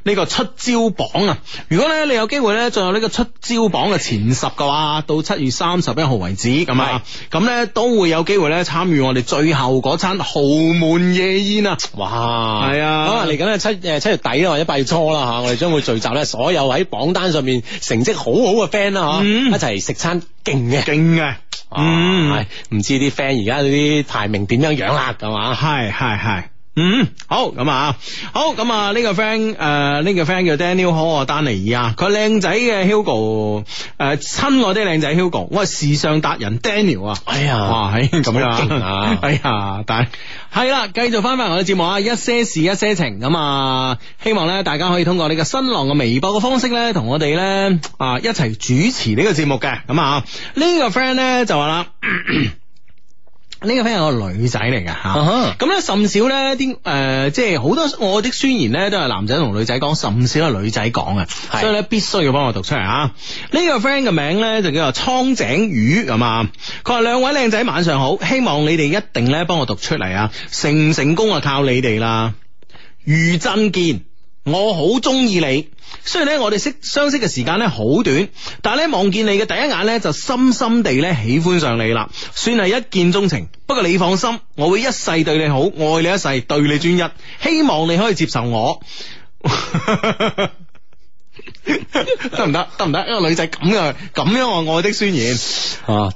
B: 呢個出招榜啊！如果呢，你有機會呢進入呢個出招榜嘅前十嘅話，到七月三十一號為止，咁是啊，咁呢都會有機會呢參與我哋最後嗰餐豪門夜宴啊！哇，係啊，嚟緊咧七誒七月底啊，係初啦吓，我哋將會聚集咧所有喺榜單上面成績好好嘅 friend 啦，吓，一齊食餐勁嘅，勁嘅，嗯，唔知啲 friend 而家啲排名點樣樣啦，咁嘛 [laughs] 吧，係係係。嗯，好咁啊，好咁啊，呢、呢個 friend 誒，呢、呃呢個 friend 叫 Daniel，好我丹尼爾，佢靚仔嘅 Hugo，誒，親愛啲靚仔 Hugo，我係時尚達人 Daniel，啊。哎呀，哇，係咁、哎、樣、啊，啊、哎呀，但係係啦，繼續返返我哋節目啊，一些事，一些情，咁啊，希望咧大家可以通過呢個新浪嘅微博嘅方式咧，同我哋咧啊一齊主持呢個節目嘅，咁啊，呢個、呢個 friend 咧就話啦。咳咳呢個 friend 係個女仔嚟嘅吓，咁咧、uh huh. 甚少咧啲誒，即係好多我的宣言咧都係男仔同女仔講，甚少係女仔講嘅，是所以咧必須要幫我讀出嚟啊！呢是個 friend 嘅名咧就叫做蒼井魚。咁啊，佢話兩位靚仔晚上好，希望你哋一定咧幫我讀出嚟啊，成唔成功就靠你哋啦，余振健。我好中意你，雖然咧我哋識相識嘅時間咧好短，但係咧望見你嘅第一眼咧就深深地咧喜歡上你啦，算係一見鍾情。不過你放心，我會一世對你好，愛你一世，對你專一，希望你可以接受我 [laughs] [laughs] [laughs] 行行。得唔得？得唔得？一個女仔咁樣咁樣我愛的宣言啊！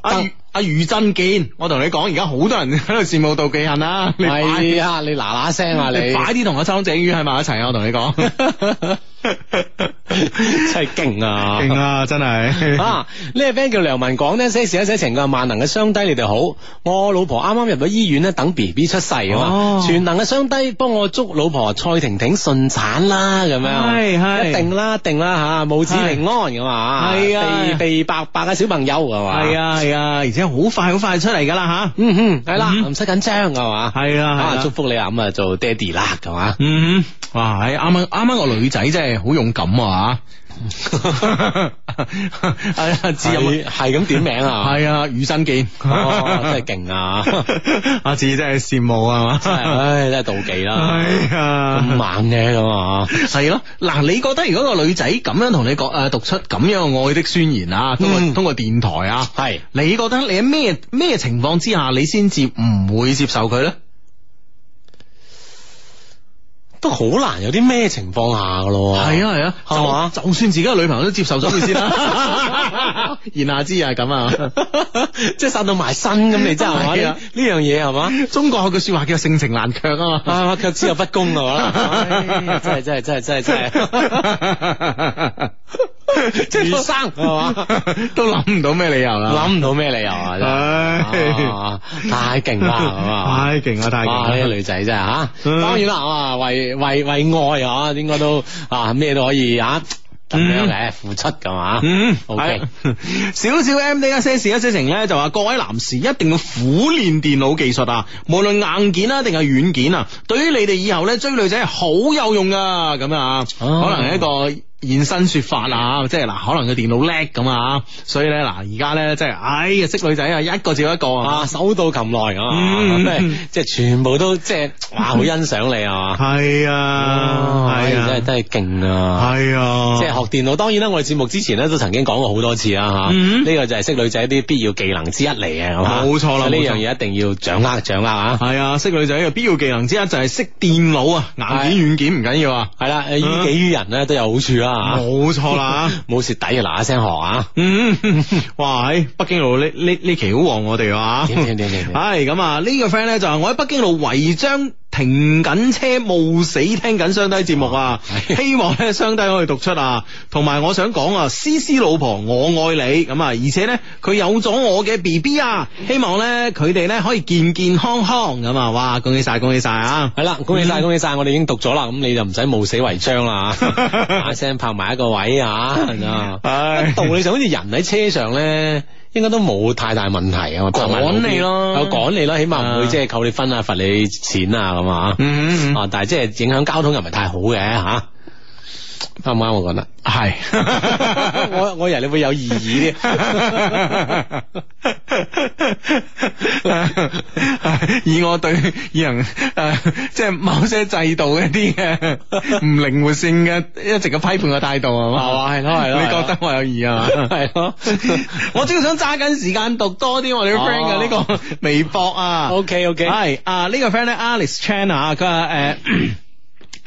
B: 阿余真健，我同你講，而家好多人喺度羨慕妒忌恨啊，啦。係啊，你嗱嗱聲啊，你快啲同阿周正宇喺埋一齊啊！我同你講。 [laughs] 真係勁啊，勁啊，真係啊！呢個 friend 叫梁文廣呢，一些事一些情嘅萬能嘅雙低，你哋好。我老婆啱啱入咗醫院咧，等 B B 出世啊嘛。全能嘅雙低，幫我祝老婆蔡婷婷順產啦，咁樣係係，一定啦一定啦吓，母子平安咁嘛！係啊，肥肥白白嘅小朋友係嘛，係啊係啊，而且好快好快出嚟噶啦吓，嗯嗯，係啦，唔使緊張係嘛，係啊，祝福你咁做爹哋啦，係嘛，嗯。哇！啱啱啱啱個女仔真係好勇敢啊！係阿志又係咁點名啊！係雨生見，真係勁啊！阿志真係羨慕啊嘛！唉，真係妒忌啦！咁猛嘅咁啊！係咯，嗱，你覺得如果個女仔咁樣同你講誒，讀出咁樣愛的宣言啊，通過通過電台啊，係你覺得你喺咩咩情況之下你先至唔會接受佢咧？都好難有啲咩情況下噶咯，係啊係啊，係嘛，就算自己嘅女朋友都接受咗佢先啦，言下之意係咁，即係殺到埋身咁你真係嘛，呢樣嘢係嘛？中國有句說話叫盛情難卻啊嘛，啊卻之又不恭啊嘛，真係真係真係真係。即係生係嘛，都諗唔到咩理由啦，諗唔到咩理由啊！真係，太勁啦，太勁啦，太勁啦！呢個女仔真係吓，當然啦，為為為愛啊，應該都啊咩都可以啊咁樣嘅付出噶嘛。嗯，OK，小小 M D S S S 成咧，就話各位男士一定要苦練電腦技術啊，無論硬件啊定係軟件啊，對於你哋以後咧追女仔係好有用噶。咁樣啊，可能係一個。現身說法啊，即係嗱，可能佢電腦叻咁啊，所以咧嗱，而家咧即係，哎呀，識女仔啊，一個接一個啊，手到擒來啊，即係全部都即係哇，好欣賞你啊，係啊，係啊，真係真係勁啊，係啊，即係學電腦，當然啦，我哋節目之前咧都曾經講過好多次啦吓，呢個就係識女仔啲必要技能之一嚟嘅。冇錯啦，呢樣嘢一定要掌握掌握啊，係啊，識女仔呢個必要技能之一就係識電腦啊，硬件軟件唔緊要啊，係啦，依己於人咧都有好處啊。冇錯啦，冇蝕 [laughs] 底啊！嗱一聲學啊，嗯，哇喺北京路呢呢呢期好旺我哋啊，點點點點，係咁呢個 friend 咧就係我喺北京路違章。停緊車冒，冇死聽緊雙低節目啊！希望咧雙低可以讀出啊，同埋我想講啊，思思老婆我愛你咁啊，而且咧佢有咗我嘅 B B 啊，希望咧佢哋咧可以健健康康咁啊！哇，恭喜晒，恭喜晒啊！係啦， [laughs] 恭喜晒，恭喜晒，我哋已經讀咗啦，咁你就唔使冒死違章啦，把、啊、聲拍埋一個位啊！ [laughs] [laughs] 道理上好似人喺車上呢。應該都冇太大問題啊，我講你咯，我講你咯，起碼唔會即係扣你分啊、罰你錢啊咁啊，啊，但係即係影響交通又唔係太好嘅吓。啱唔啱？我覺得，係我我以為你會有異議啲，以我對以人誒即係某些制度一啲嘅唔靈活性嘅一直嘅批判嘅態度，係嘛？係咯係咯，你覺得我有異啊嘛？係咯，我即係想揸緊時間讀多啲我哋 friend 嘅呢個微博啊，OK OK 係啊，呢個 friend 咧 Alice Chan 啊佢話誒。 [coughs]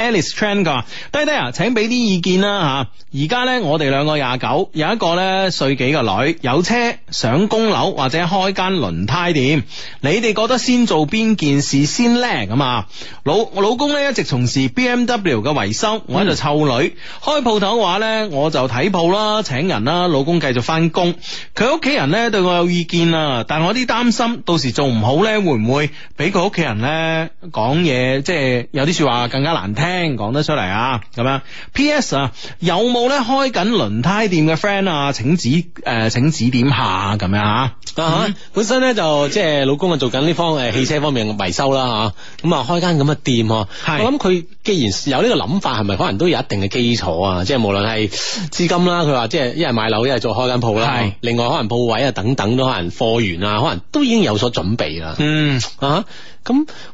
B: Alice Trend 佢話：低低啊，請俾啲意見啦吓。而家呢，我哋兩個廿九，有一個呢，歲幾嘅女，有車，想供樓或者開間輪胎店。你哋覺得先做邊件事先叻咁啊？老我老公呢，一直從事 B M W 嘅維修，嗯、我喺度湊女開鋪頭嘅話呢，我就睇鋪啦，請人啦。老公繼續翻工，佢屋企人呢，對我有意見啊。但我啲擔心到時做唔好呢，會唔會俾佢屋企人呢講嘢，即係有啲說話,、就是、話更加難聽。聽講得出嚟啊咁樣。P. S. 啊，有冇咧開緊輪胎店嘅 friend 啊？請指誒、呃、請指點下咁樣啊。啊，本身咧就即係老公啊做緊呢方誒汽車方面嘅維修啦吓。咁啊開間咁嘅店。係是我諗佢既然有呢個諗法，係咪可能都有一定嘅基礎啊？即係無論係資金啦，佢話即係一係買樓，一係做開間鋪啦。另外可能鋪位啊等等都、啊、可能貨源啊，可能都已經有所準備啦。嗯啊，咁、啊啊啊、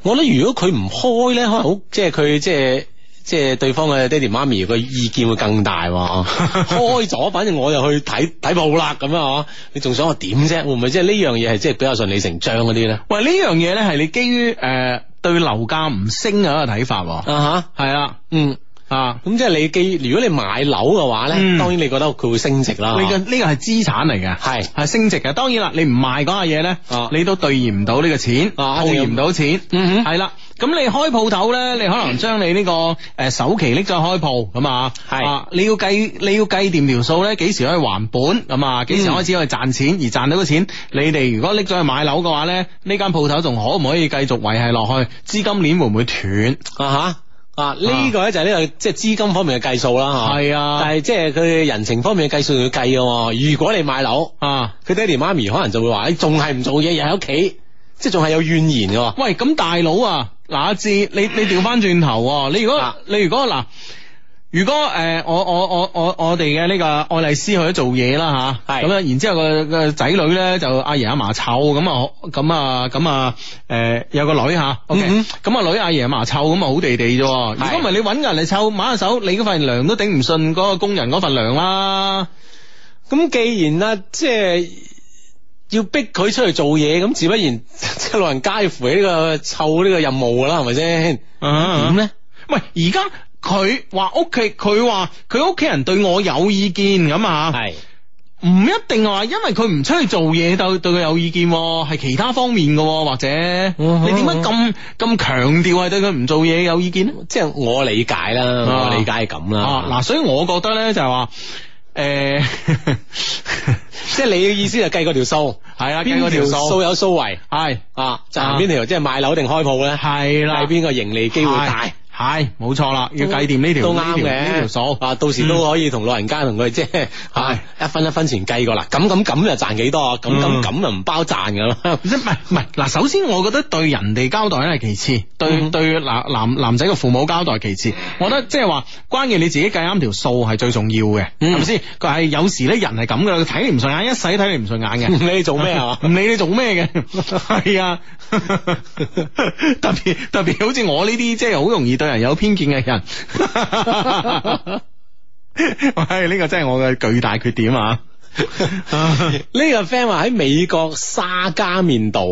B: 我諗如果佢唔開咧，可能好即係佢即係。即即係對方嘅爹哋媽咪個意見會更大。 [laughs] 開咗，反正我又去睇睇報啦，咁樣啊，你仲想我點啫？會唔會即係呢樣嘢係即係比較順理成章嗰啲咧？喂，呢樣嘢咧係你基於誒、呃、對樓價唔升嘅一個睇法啊吓，係啊，uh、huh，啊嗯。啊，咁即係你記，如果你買樓嘅話呢，當然你覺得佢會升值啦。呢個呢個係資產嚟嘅，係係升值嘅。當然啦，你唔賣嗰下嘢呢，你都兌現唔到呢個錢，套現唔到錢。嗯哼，係啦。咁你開鋪頭呢，你可能將你呢個誒首期拎咗去開鋪，咁啊，你要計你要計掂條數呢，幾時可以還本，咁啊，幾時開始可以賺錢，而賺到個錢，你哋如果拎咗去買樓嘅話呢，呢間鋪頭仲可唔可以繼續維繫落去？資金鏈會唔會斷啊？吓？啊，呢、這個咧就呢個即係資金方面嘅計數啦，吓，係啊，但係即係佢人情方面嘅計數仲要計噶。如果你買樓啊，佢爹哋媽咪可能就會話：你仲係唔做嘢，又喺屋企，即係仲係有怨言噶。喂，咁大佬啊，嗱一志，你你調返轉頭，你如果、啊、你如果嗱。啊如果誒、欸，我我我我我哋嘅呢個愛麗絲去咗做嘢啦吓，咁啊，然之後、這個個仔女咧就阿爺阿嫲湊咁啊，咁啊，咁啊，誒、呃，有個女吓，咁啊女阿爺阿嫲湊咁啊好地地啫。如果唔係你搵人嚟湊，抹下手，你份糧都頂唔順嗰個工人嗰份糧啦。咁既然啊，即係要逼佢出去做嘢，咁自、no、不然即係老人家要負起呢個湊呢個任務噶啦，係咪先？點咧、no？唔係、uh uh，而家。佢話屋企，佢話佢屋企人對我有意見咁啊，係唔一定話，因為佢唔出去做嘢，對對佢有意見，係其他方面嘅，或者你點解咁咁強調係對佢唔做嘢有意見咧？即係我理解啦，我理解係咁啦。嗱，所以我覺得咧就係話，誒，即係你嘅意思就計嗰條數，係啊，邊嗰條數有數為係啊，就係邊條，即係買樓定開鋪咧，係啦，係邊個盈利機會大？係，冇錯啦，要計掂呢條，都啱嘅呢條數啊！到時都可以同老人家同佢即係，吓一分一分錢計過啦。咁咁咁就賺幾多？咁咁咁就唔包賺噶啦？唔係唔係，嗱，首先我覺得對人哋交代係其次，對對男男男仔嘅父母交代其次。我覺得即係話，關鍵你自己計啱條數係最重要嘅，係咪先？佢係有時咧，人係咁噶，睇你唔順眼，一世睇你唔順眼嘅。唔理你做咩啊？唔理你做咩嘅，係啊！特別特別，好似我呢啲，即係好容易。有偏見嘅人，喂，呢個真係我嘅巨大缺點啊！ [laughs] 呢 [laughs] 個 friend 話喺美國沙加面道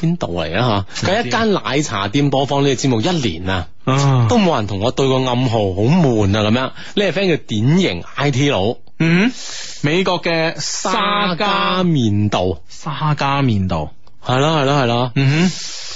B: 邊度嚟啊吓，喺、啊、一間奶茶店播放呢個節目一年啊，uh huh. 都冇人同我對過暗號，好悶啊咁樣。呢、這個 friend 叫典型 I T 佬，嗯、uh，huh. 美國嘅沙加面道，沙加面道，係啦係啦係啦，嗯哼。 [laughs]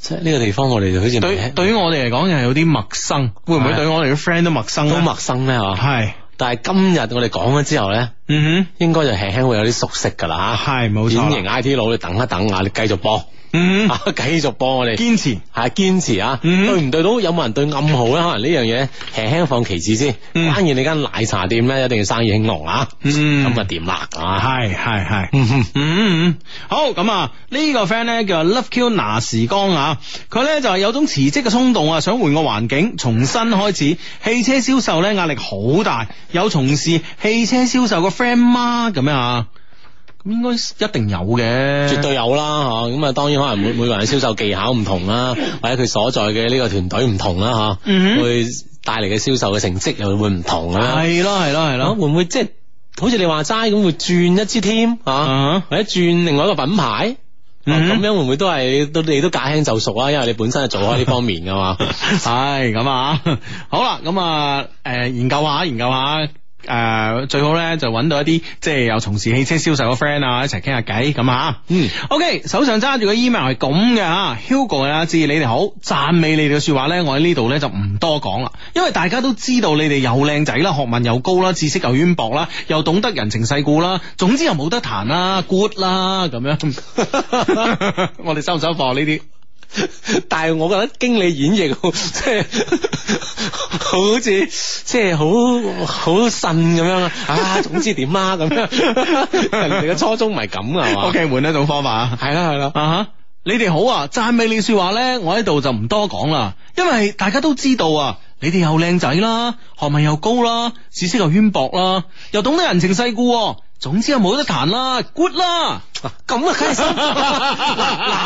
B: 即係呢個地方，我哋就好似對對於我哋嚟講，又係有啲陌生，是會唔會對我哋啲 friend 都陌生？都陌生咩吓？係是，但係今日我哋講咗之後咧，嗯哼，應該就輕輕會有啲熟悉噶啦吓。係冇錯。典型 I T 佬，你等一等啊，你繼續播。嗯繼續幫我哋堅持係堅持、啊、持啊，嗯、對唔對到有冇人對暗號咧？嗯、可能呢樣嘢輕輕放其次先，關鍵、嗯、你間奶茶店咧一定要生意興隆啊，嗯啊！嗯，咁啊掂啦，係係係，嗯嗯嗯，好咁啊，這個、呢個 friend 咧叫做 Love Q 拿時光啊，佢咧就係、是、有種辭職嘅衝動啊，想換個環境，重新開始。汽車銷售咧壓力好大，有從事汽車銷售嘅 friend 嗎？咁啊？應該一定有嘅，絕對有啦，吓咁啊！當然可能每每個人銷售技巧唔同啦，或者佢所在嘅呢個團隊唔同啦，吓，會帶嚟嘅銷售嘅成績又會唔同啦。係咯，係咯，係咯，會唔會即係好似你話齋咁會轉一支 team 啊，或者轉另外一個品牌？咁樣會唔會都係都你都駕輕就熟啦？因為你本身係做開呢方面噶嘛。係咁啊，好啦，咁啊，誒，研究下，研究下。誒、呃，最好咧就揾到一啲即係有從事汽車銷售嘅 friend 啊，一齊傾下偈咁啊！嗯，OK，手上揸住個 email 係咁嘅吓，Hugo 啊，知你哋好，讚美你哋嘅說話咧，我喺呢度咧就唔多講啦，因為大家都知道你哋又靚仔啦，學問又高啦，知識又淵博啦，又懂得人情世故啦，總之又冇得彈啦 [laughs] ，good 啦，咁樣， [laughs] [laughs] 我哋收唔收貨呢啲。 [laughs] 但係我覺得經理演繹好即係好似即係好好信咁樣啊！總之點啊咁樣，人哋嘅初衷唔係咁啊嘛。O K，換一種方法 [laughs] 啊，係啦係啦啊！Uh huh. 你哋好啊，讚美你話說話咧，我喺度就唔多講啦，因為大家都知道啊，你哋又靚仔啦，學問又高啦，知識又淵博啦，又懂得人情世故，啊。總之啊，冇得彈啦，good 啦，咁 [laughs] 啊，梗係新嗱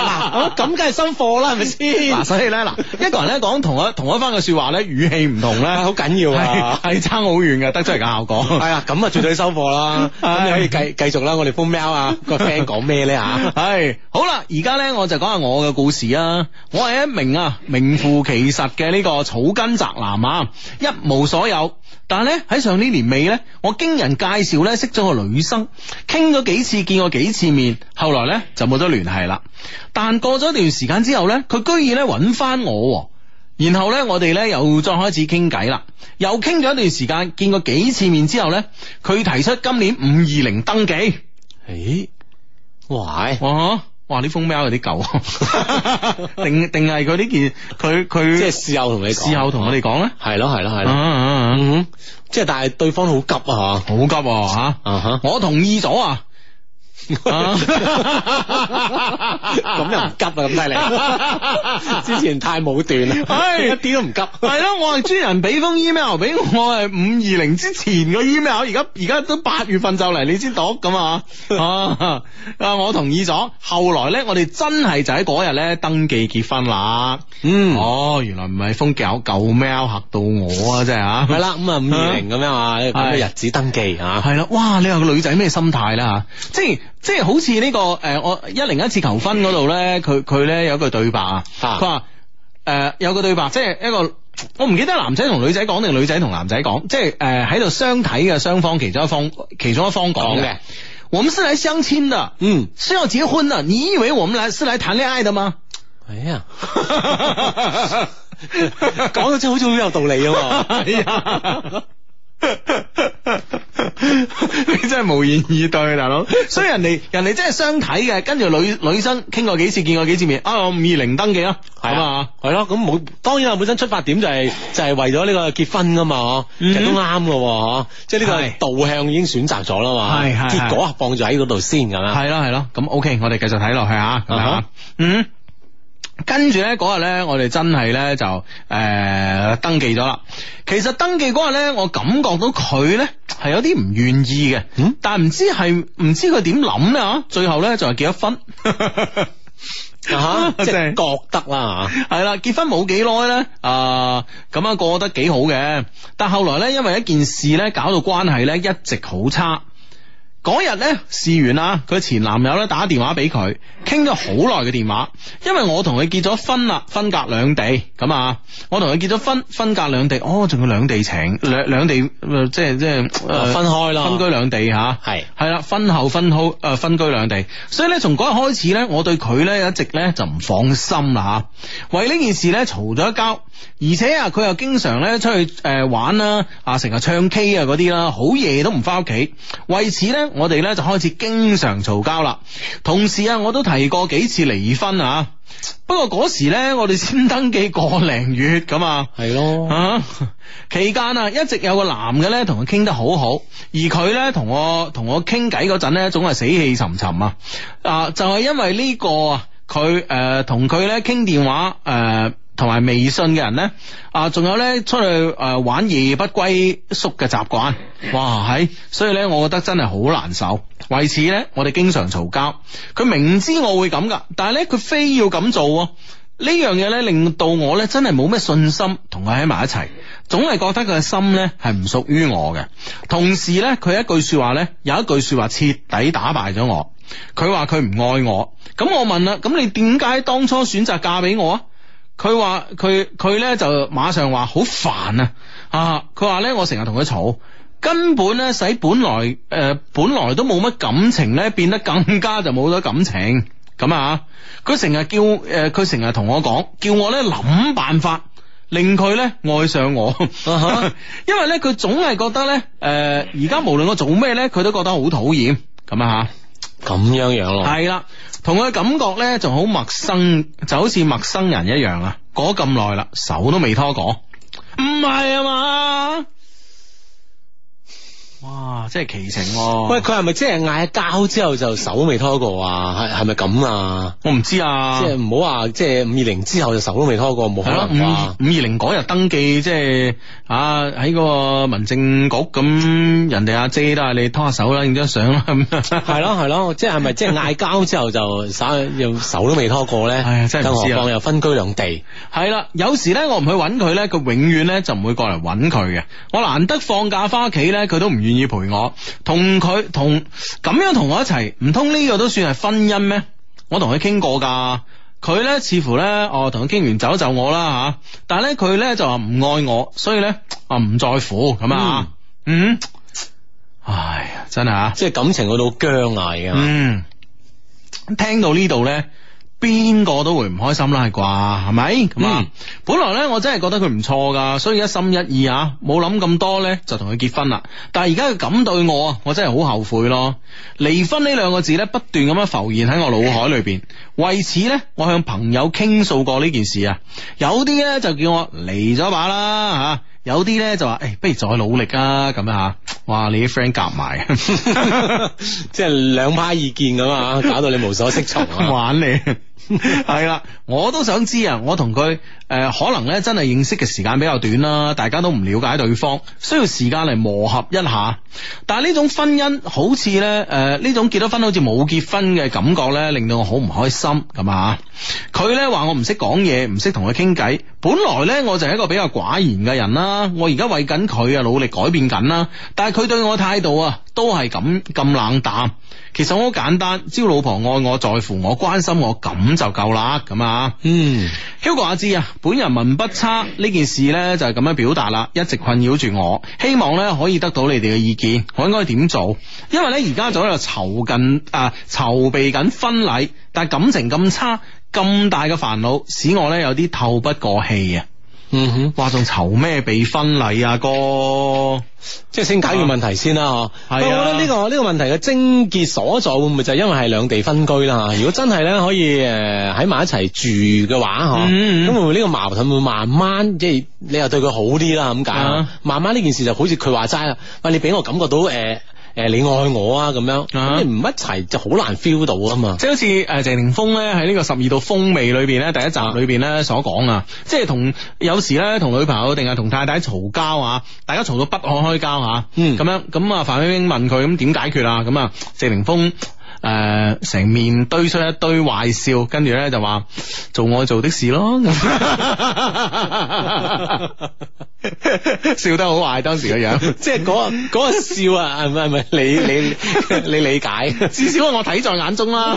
B: 嗱，咁梗係收貨啦，係咪先？嗱、啊啊啊，所以咧，嗱，一個人咧講同一同一番嘅說話咧，語氣唔同咧，好緊要啊，係差好遠嘅，得出嚟嘅效果係啊，咁啊絕對收貨啦，咁 [laughs] 你可以繼繼續啦，我哋 phone 喵個 friend 講咩咧吓？係 [laughs] 是 [laughs] 好啦，而家咧我就講下我嘅故事啊，我係一名啊名副其實嘅呢個草根宅男啊，一無所有。但係咧喺上呢年尾呢，我經人介紹咧識咗個女生，傾咗幾次，見過幾次面，後來咧就冇咗聯繫啦。但過咗段時間之後咧，佢居然咧揾翻我，然後咧我哋咧又再開始傾偈啦，又傾咗一段時間，見過幾次面之後咧，佢提出今年五二零登記。誒、哎，哇！哇！啲瘋貓有啲舊，定定係佢呢件？佢佢即係事後同你講，事後同我哋講咧，係咯，係咯，係咯，即係但係對方好急啊吓，好急啊，吓、啊，啊啊、我同意咗。啊。咁又唔急啊，咁犀利！之前太武斷啦，係一啲都唔急。係咯，我係專人俾封 email 俾我，係五二零之前個 email，而家而家都八月份就嚟，你先讀咁啊！啊，我同意咗。後來咧，我哋真係就喺嗰日咧登記結婚啦。嗯，哦，原來唔係封狗狗 mail 吓到我啊，真係吓。係啦，咁啊五二零咁樣咁嘅日子登記啊， [laughs] 啊。係啦，哇！你話個女仔咩心態啦？吓，即係。即係好似呢、這個誒、呃，我一零一次求婚嗰度咧，佢佢咧有一句對白啊，佢話誒有個對白，即係一個我唔記得男仔同女仔講定女仔同男仔講，即係誒喺度相睇嘅雙方其中一方其中一方講嘅，的我們是嚟相親啊，嗯，是要結婚啊，你以為我們嚟是嚟談戀愛的嗎？哎呀，講到真係好似好有道理啊嘛。 [laughs] 哎 [laughs] 你真係無言以對，大佬。 [laughs] 所以人哋 [laughs] 人哋真係相睇嘅，跟住女女生傾過幾次，見過幾次面。啊，我五二零登記咯，係嘛、啊，係咯、啊。咁、啊，當然啦，本身出發點就係、是、就係、是、為咗呢個結婚噶嘛，其實都啱噶，hmm. 即係呢個導向已經選擇咗啦嘛。係，結果放咗喺嗰度先咁樣。係咯係咯，咁、啊啊、OK，我哋繼續睇落去啊。嗯。Uh huh. mm hmm. 跟住咧嗰日咧，我哋真係咧就誒、呃、登記咗啦。其實登記嗰日咧，我感覺到佢咧係有啲唔願意嘅。嗯，但係唔知係唔知佢點諗咧？嗬，最後咧就係、是、結咗婚。吓、 [laughs] 啊，即係覺得啦，係啦， [laughs] 結婚冇幾耐咧，啊、呃，咁啊過得幾好嘅。但後來咧，因為一件事咧，搞到關係咧一直好差。嗰日咧事完啊，佢前男友咧打電話俾佢，傾咗好耐嘅電話。因為我同佢結咗婚啦，分隔兩地。咁啊，我同佢結咗婚，分隔兩地。哦，仲有兩地情，兩兩地即係即係分開啦，分居兩地吓。係係啦，婚後分開誒、呃，分居兩地。所以咧，從嗰日開始咧，我對佢咧一直咧就唔放心啦吓、啊。為呢件事咧嘈咗一交，而且啊，佢又經常咧出去誒玩啦，啊成日唱 K 啊嗰啲啦，好夜都唔翻屋企。為此咧。我哋咧就開始經常嘈交啦，同時啊，我都提過幾次離婚啊。不過嗰時咧，我哋先登記過個零月咁啊，係咯的。啊，期間啊，一直有個男嘅咧同佢傾得好好，而佢咧同我同我傾偈嗰陣咧，總係死氣沉沉啊。啊，就係因為呢個啊，佢誒同佢咧傾電話誒。呃同埋微信嘅人呢，啊，仲有呢出去誒玩夜不歸宿嘅習慣，哇係，所以呢，我覺得真係好難受。為此呢，我哋經常嘈交，佢明知我會咁噶，但係呢，佢非要咁做。呢樣嘢呢，令到我呢，真係冇咩信心同佢喺埋一齊，總係覺得佢嘅心呢，係唔屬於我嘅。同時呢，佢一句說話呢，有一句說話徹底打敗咗我。佢話佢唔愛我，咁我問啦，咁你點解當初選擇嫁俾我啊？佢話佢佢咧就馬上話好煩啊！啊，佢話咧我成日同佢吵，根本咧使本來誒、呃、本來都冇乜感情咧，變得更加就冇咗感情咁啊！佢成日叫誒，佢成日同我講，叫我咧諗辦法令佢咧愛上我， [laughs] 因為咧佢總係覺得咧誒，呃、而家無論我做咩咧，佢都覺得好討厭咁啊！咁樣樣、啊、咯，係啦，同佢嘅感覺咧，就好陌生，就好似陌生人一樣啊。過咗咁耐啦，手都未拖過，唔係啊嘛？哇！即係奇情喎、啊。喂，佢係咪即係嗌交之後就手都未拖過啊？係係咪咁啊？我唔知啊。即係唔好話，即係五二零之後就手都未拖過，冇可能啩。五二零嗰日登記，即係、啊喺嗰個民政局咁，人哋阿姐都係你拖下手啦，影張相啦咁。係咯係咯，即係咪即係嗌交之後就稍要手都未拖過咧？即啊、 [laughs] 哎，真係唔知。更何況又分居兩地。係啦，有時咧我唔去揾佢咧，佢永遠咧就唔會過嚟揾佢嘅。我難得放假翻屋企咧，佢都唔願。願意陪我，同佢同咁樣同我一齊，唔通呢個都算係婚姻咩？我同佢傾過噶，佢呢，似乎呢，哦，同佢傾完走就我啦吓，啊，但係呢，佢呢，就話唔愛我，所以呢，啊，唔在乎咁啊，樣嗯，嗯，唉，真係啊，即係感情去到僵硬啊，嗯，聽到呢度呢。邊個都會唔開心啦，係啩，係咪咁啊？嗯、本來呢，我真係覺得佢唔錯噶，所以一心一意啊，冇諗咁多呢，就同佢結婚啦。但係而家佢咁對我啊，我真係好後悔咯。離婚呢兩個字呢，不斷咁樣浮現喺我腦海裏邊。為此呢，我向朋友傾訴過呢件事啊。有啲呢，就叫我離咗把啦吓，有啲呢，就話誒，不如再努力啊咁樣吓。哇，你啲 friend 夾埋， [laughs] [laughs] 即係兩派意見咁啊，搞到 [laughs] 你無所適從。 [laughs] 玩你。係啦， [laughs] 我都想知啊，我同佢誒，可能咧真係認識嘅時間比較短啦，大家都唔了解對方，需要時間嚟磨合一下。但係呢種婚姻好似咧誒，呢種結咗婚好似冇結婚嘅感覺咧，令到我好唔開心咁啊。佢咧話我唔識講嘢，唔識同佢傾偈。本來咧我就係一個比較寡言嘅人啦，我而家為緊佢啊努力改變緊啦，但係佢對我態度啊都係咁咁冷淡。其實我好簡單，只要老婆愛我在乎我關心我咁就夠啦。咁啊，嗯，Hugo 阿芝啊，本人文筆差，呢件事呢，就係咁樣表達啦，一直困擾住我，希望呢可以得到你哋嘅意見，我應該點做？因為呢而家就喺度籌緊啊、呃，籌備緊婚禮，但感情咁差，咁大嘅煩惱使我呢有啲透不過氣啊。嗯哼，話仲籌咩備婚禮啊哥，哥，即係先解決問題先啦嗬。係、啊、我覺得呢、這個呢、啊、個問題嘅症結所在會唔會就因為係兩地分居啦，如果真係咧可以誒喺埋一齊住嘅話，嗬、嗯嗯，咁會唔會呢個矛盾會慢慢即係你又對佢好啲啦咁解？啊、慢慢呢件事就好似佢話齋啦，喂，你俾我感覺到誒。呃誒、呃，你愛我啊，咁樣，咁你唔一齊就好難 feel 到啊嘛，啊即係好似誒、呃，謝霆鋒咧喺呢個十二道鋒味裏邊咧，第一集裏邊咧所講啊，即係同有時咧同女朋友定係同太太嘈交，啊，大家嘈到不可開交吓，嗯，咁樣，咁啊，范冰冰問佢咁點解決啊，咁啊，謝霆鋒。誒，成、呃、面堆出一堆壞笑，跟住咧就話做我的做的事咯，笑，
C: [laughs] ，
B: 笑得好壞，當時樣、那個樣，即係嗰嗰個笑啊，唔係唔係，你理理理解，至少我睇在眼中啦，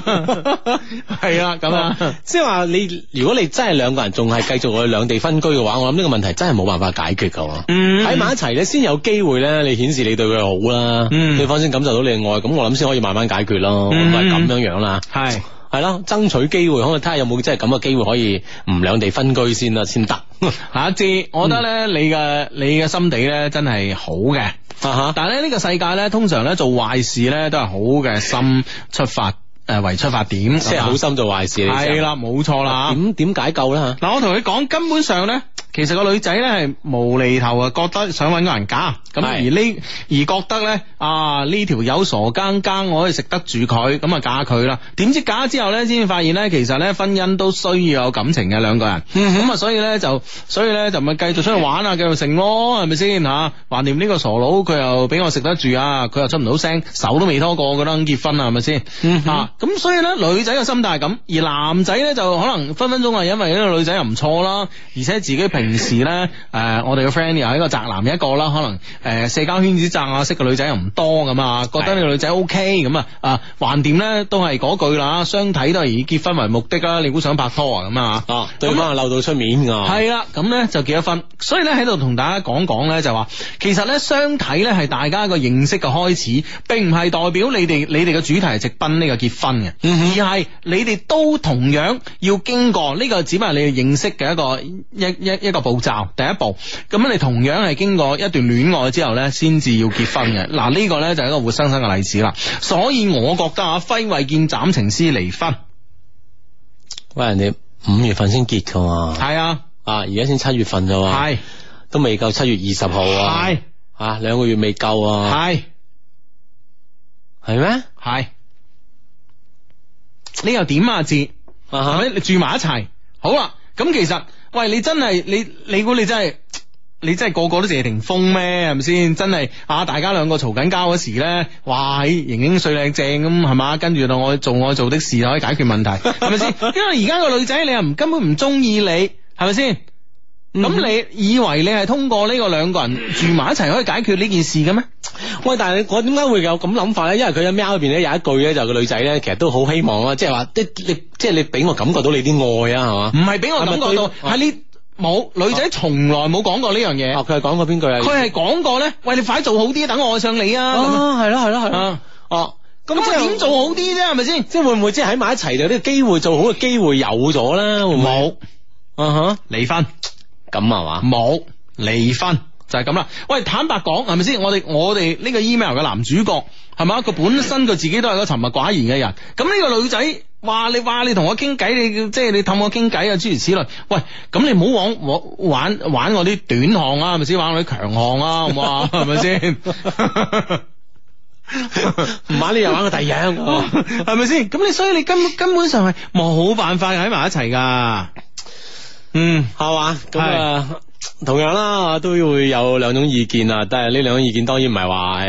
B: 係 [laughs] 啊，咁啊，即係話你，如果你真係兩個人仲係繼續去兩地分居嘅話，我諗呢個問題真係冇辦法解決噶，喺埋、嗯、一齊咧先有機會咧，你顯示你對佢好啦，對、嗯、方先感受到你嘅愛，咁我諗先可以慢慢解決咯。唔會咁樣樣啦？係係咯，爭取機會，可能睇下有冇即係咁嘅機會可以唔兩地分居先啦，先得。 [laughs] 下一次集、嗯、我覺得咧，你嘅你嘅心地咧，真係好嘅。啊哈！但係咧，呢、這個世界咧，通常咧做壞事咧，都係好嘅心出發。誒， [music] 為出發點，即係好心做壞事，係的啦，冇錯啦。點點解救咧吓？嗱、啊，我同你講，根本上咧，其實個女仔咧係無厘頭啊，覺得想搵個人嫁，咁、嗯嗯、而呢而覺得咧啊，呢條友傻更更，我可以食得住佢，咁啊嫁佢啦。點知嫁之後咧，先發現咧，其實咧婚姻都需要有感情嘅兩個人。咁、嗯、哼啊，所以咧就，所以咧就咪繼續出去玩啊，繼、嗯、哼續食咯，係咪先吓？橫掂呢個傻佬，佢又俾我食得住啊，佢又出唔到聲，手都未拖過，佢都肯結婚啦，係咪先？吓、啊。啊啊啊咁所以咧，女仔嘅心態係咁，而男仔咧就可能分分鐘啊，因為呢個女仔又唔錯啦，而且自己平時咧誒、 [laughs] 呃，我哋嘅 friend 又係個宅男一個啦，可能誒、呃、社交圈子窄啊，識嘅女仔又唔多咁啊，覺得呢個女仔 OK 咁啊啊，橫掂咧都係嗰句啦，相睇都係以結婚為目的啊，你估想拍拖啊咁啊？哦，對方、嗯、啊，漏到出面㗎。係啦，咁咧就結咗婚，所以咧喺度同大家講講咧就話，其實咧相睇咧係大家一個認識嘅開始，並唔係代表你哋你哋嘅主題係直奔呢個結婚。婚嘅，而係你哋都同樣要經過呢個，只係你哋認識嘅一個一一一個步驟，第一步。咁你同樣係經過一段戀愛之後咧，先至要結婚嘅。嗱，呢個咧就係一個活生生嘅例子啦。所以我覺得啊，揮慧劍斬情絲，離婚。喂，人哋五月份先結噶嘛？係啊，啊而家先七月份咋嘛？係，都未夠七月二十號啊？係啊，兩個月未夠啊？係係咩？係。你又點啊？字係咪住埋一齊？好啦，咁、嗯、其實喂，你真係你你估你真係你真係個個都謝霆鋒咩？係咪先？真係啊！大家兩個嘈緊交嗰時咧，哇喺盈盈碎靚正咁係嘛，跟住到我做我的做的事就可以解決問題，係咪先？因為而家個女仔你又唔根本唔中意你，係咪先？咁你以為你係通過呢個兩個人住埋一齊可以解決呢件事嘅咩？喂，但係我點解會有咁諗法咧？因為佢喺喵裏邊咧有一句咧就個女仔咧，其實都好希望啊，即係話即你即係你俾我感覺到你啲愛啊，係嘛？唔係俾我感覺到，係呢，冇女仔從來冇講過呢樣嘢。佢係講過邊句啊？佢係講過咧，喂，你快做好啲，等我愛上你啊！啊，係啦，係啦，係啦，哦，咁點做好啲啫？係咪先？即係會唔會即係喺埋一齊就呢個機會做好嘅機會有咗啦？會冇？啊哈，離婚。咁啊嘛，冇離婚就係咁啦。喂，坦白講，係咪先？我哋我哋呢個 email 嘅男主角係嘛？佢說出事本身佢自己都係個沉默寡言嘅人。咁、這、呢個女仔話你話你同我傾偈，你即係你氹我傾偈啊，諸如此類。喂，咁你唔好玩玩玩玩我啲短項啊，係咪先？玩我啲強項啊，係咪先？唔玩你又玩個第二樣，係咪先？咁你所以你根根本上係冇辦法喺埋一齊噶。嗯，係嘛，咁啊，是同樣啦，都會有兩種意見啊，但係呢兩種意見當然唔係話誒，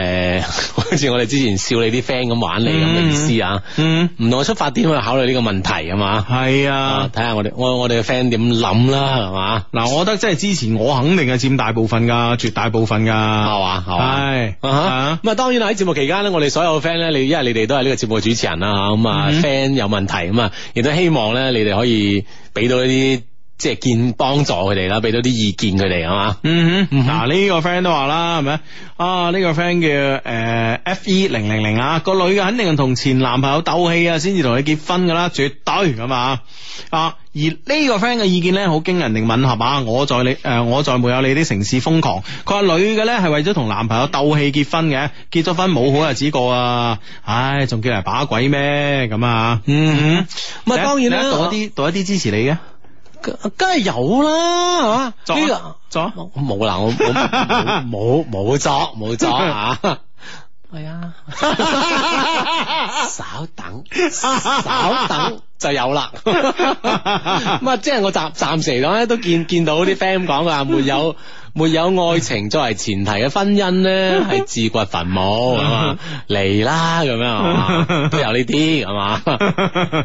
B: 好、欸、似我哋之前笑你啲 friend 咁玩你咁嘅意思啊，嗯，唔同嘅出發點去考慮呢個問題啊嘛，係啊，睇下、啊、我哋我我哋嘅 friend 點諗啦係嘛，嗱、嗯，我覺得即係之前我肯定係佔大部分噶，絕大部分噶係嘛係嘛，咁是啊，啊當然啦喺節目期間咧，我哋所有嘅 friend 咧，因為你一係你哋都係呢個節目嘅主持人啦，咁啊，friend 有問題咁啊，亦都希望咧，你哋可以俾到一啲。即係見幫助佢哋啦，俾到啲意見佢哋係嘛？嗯哼，嗱呢個 friend 都話啦，係咪啊？呢、這個 friend 叫誒 F E 零零零啊，這個呃 F e 000，啊這個女嘅肯定係同前男朋友鬥氣啊，先至同佢結婚噶啦，絕對咁啊！啊，而呢個 friend 嘅意見咧，好驚人定吻合啊！我在你誒，我在沒有你啲城市瘋狂。佢話女嘅咧係為咗同男朋友鬥氣結婚嘅，結咗婚冇好日子過啊！唉，仲叫人把鬼咩？咁啊，
C: 嗯哼，咁啊當然啦，多啲，
B: 多一啲支持你嘅。梗係有啦，係嘛？作作冇啦，我冇冇冇作冇作啊？係、這個、下啊， [laughs] 稍等，稍等就有啦。咁啊， [laughs] 即係我暫暫時嚟講咧，都見見到啲 friend 講啊，沒有沒有愛情作為前提嘅婚姻咧，係自掘墳墓，嚟、啊、 [laughs] 啦，咁樣係嘛、啊？都有呢啲，係、啊、嘛？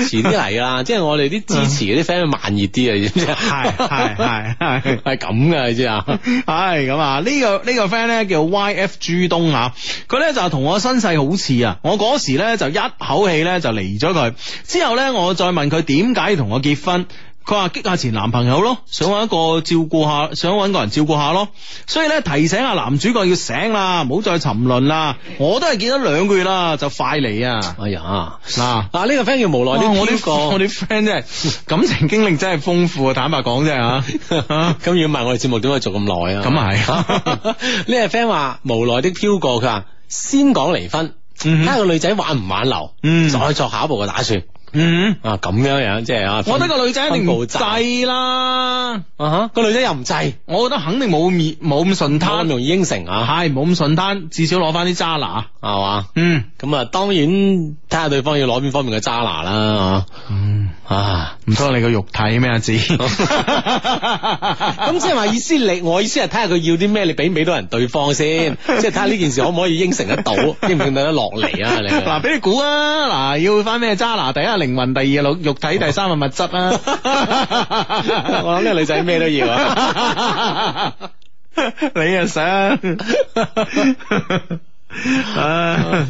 B: 遲啲嚟啦， [laughs] 即係我哋啲支持嘅啲 friend 慢熱啲啊，知唔知啊？係係係係係咁噶，你知啊？唉、 [laughs] 這個，咁、這、啊、個，呢個呢個 friend 咧叫 Y F G 東啊，佢咧就同、是、我身世好似啊，我嗰時咧就一口氣咧就離咗佢，之後咧我再問佢點解同我結婚。佢話激下前男朋友咯，想搵一個照顧下，想搵個人照顧下咯，所以咧提醒下男主角要醒啦，唔好再沉淪啦。我都係見咗兩個月啦，就快嚟啊！哎呀，嗱嗱呢個 friend 叫無奈啲、啊，我呢個，我啲 friend 真係感情經歷真係豐富啊！坦白講啫吓，咁要唔係我哋節目點可以做咁耐啊？咁 [laughs] 啊係，呢、啊、 [laughs] 個 friend 話無奈的飄過，佢話先講離婚，睇下、嗯、哼個女仔挽唔挽留，再作下一步嘅打算。嗯啊咁樣樣即係啊，我覺得個女仔一定唔制啦啊，個女仔又唔制，我覺得肯定冇面冇咁順攤，容易應承啊，係冇咁順攤，至少攞翻啲渣拿啊，係嘛？嗯，咁啊當然睇下對方要攞邊方面嘅渣拿啦，啊，唔通你個肉體咩子？咁即係話意思，你我意思係睇下佢要啲咩，你俾唔俾到人對方先，即係睇下呢件事可唔可以應承得到，應唔應得落嚟啊？你嗱俾你估啊，嗱要翻咩渣拿？第一。靈魂第二啊六，肉體第三啊物質啊，我諗呢個女仔咩都要啊，你啊想，啊， [laughs] 啊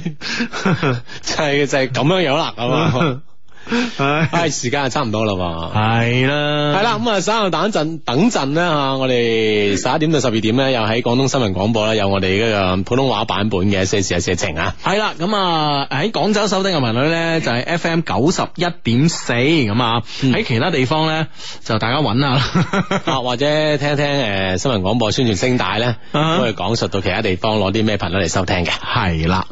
B: 就係、係、就係、係、咁樣樣啦，係嘛。啊係，唉，時間啊，差唔多啦，係啦，係啦，咁啊，稍後等陣，等陣咧吓，我哋十一點到十二點咧，又喺廣東新聞廣播啦。有我哋嗰個普通話版本嘅《一些事一些情》啊，係啦，咁啊，喺廣州收聽嘅頻率咧就係、是、F M 九十一點四咁啊，喺、嗯、其他地方咧就大家揾下，或者聽一聽誒、uh, 新聞廣播宣傳聲帶咧，可以講述到其他地方攞啲咩頻率嚟
C: 收聽嘅，係啦。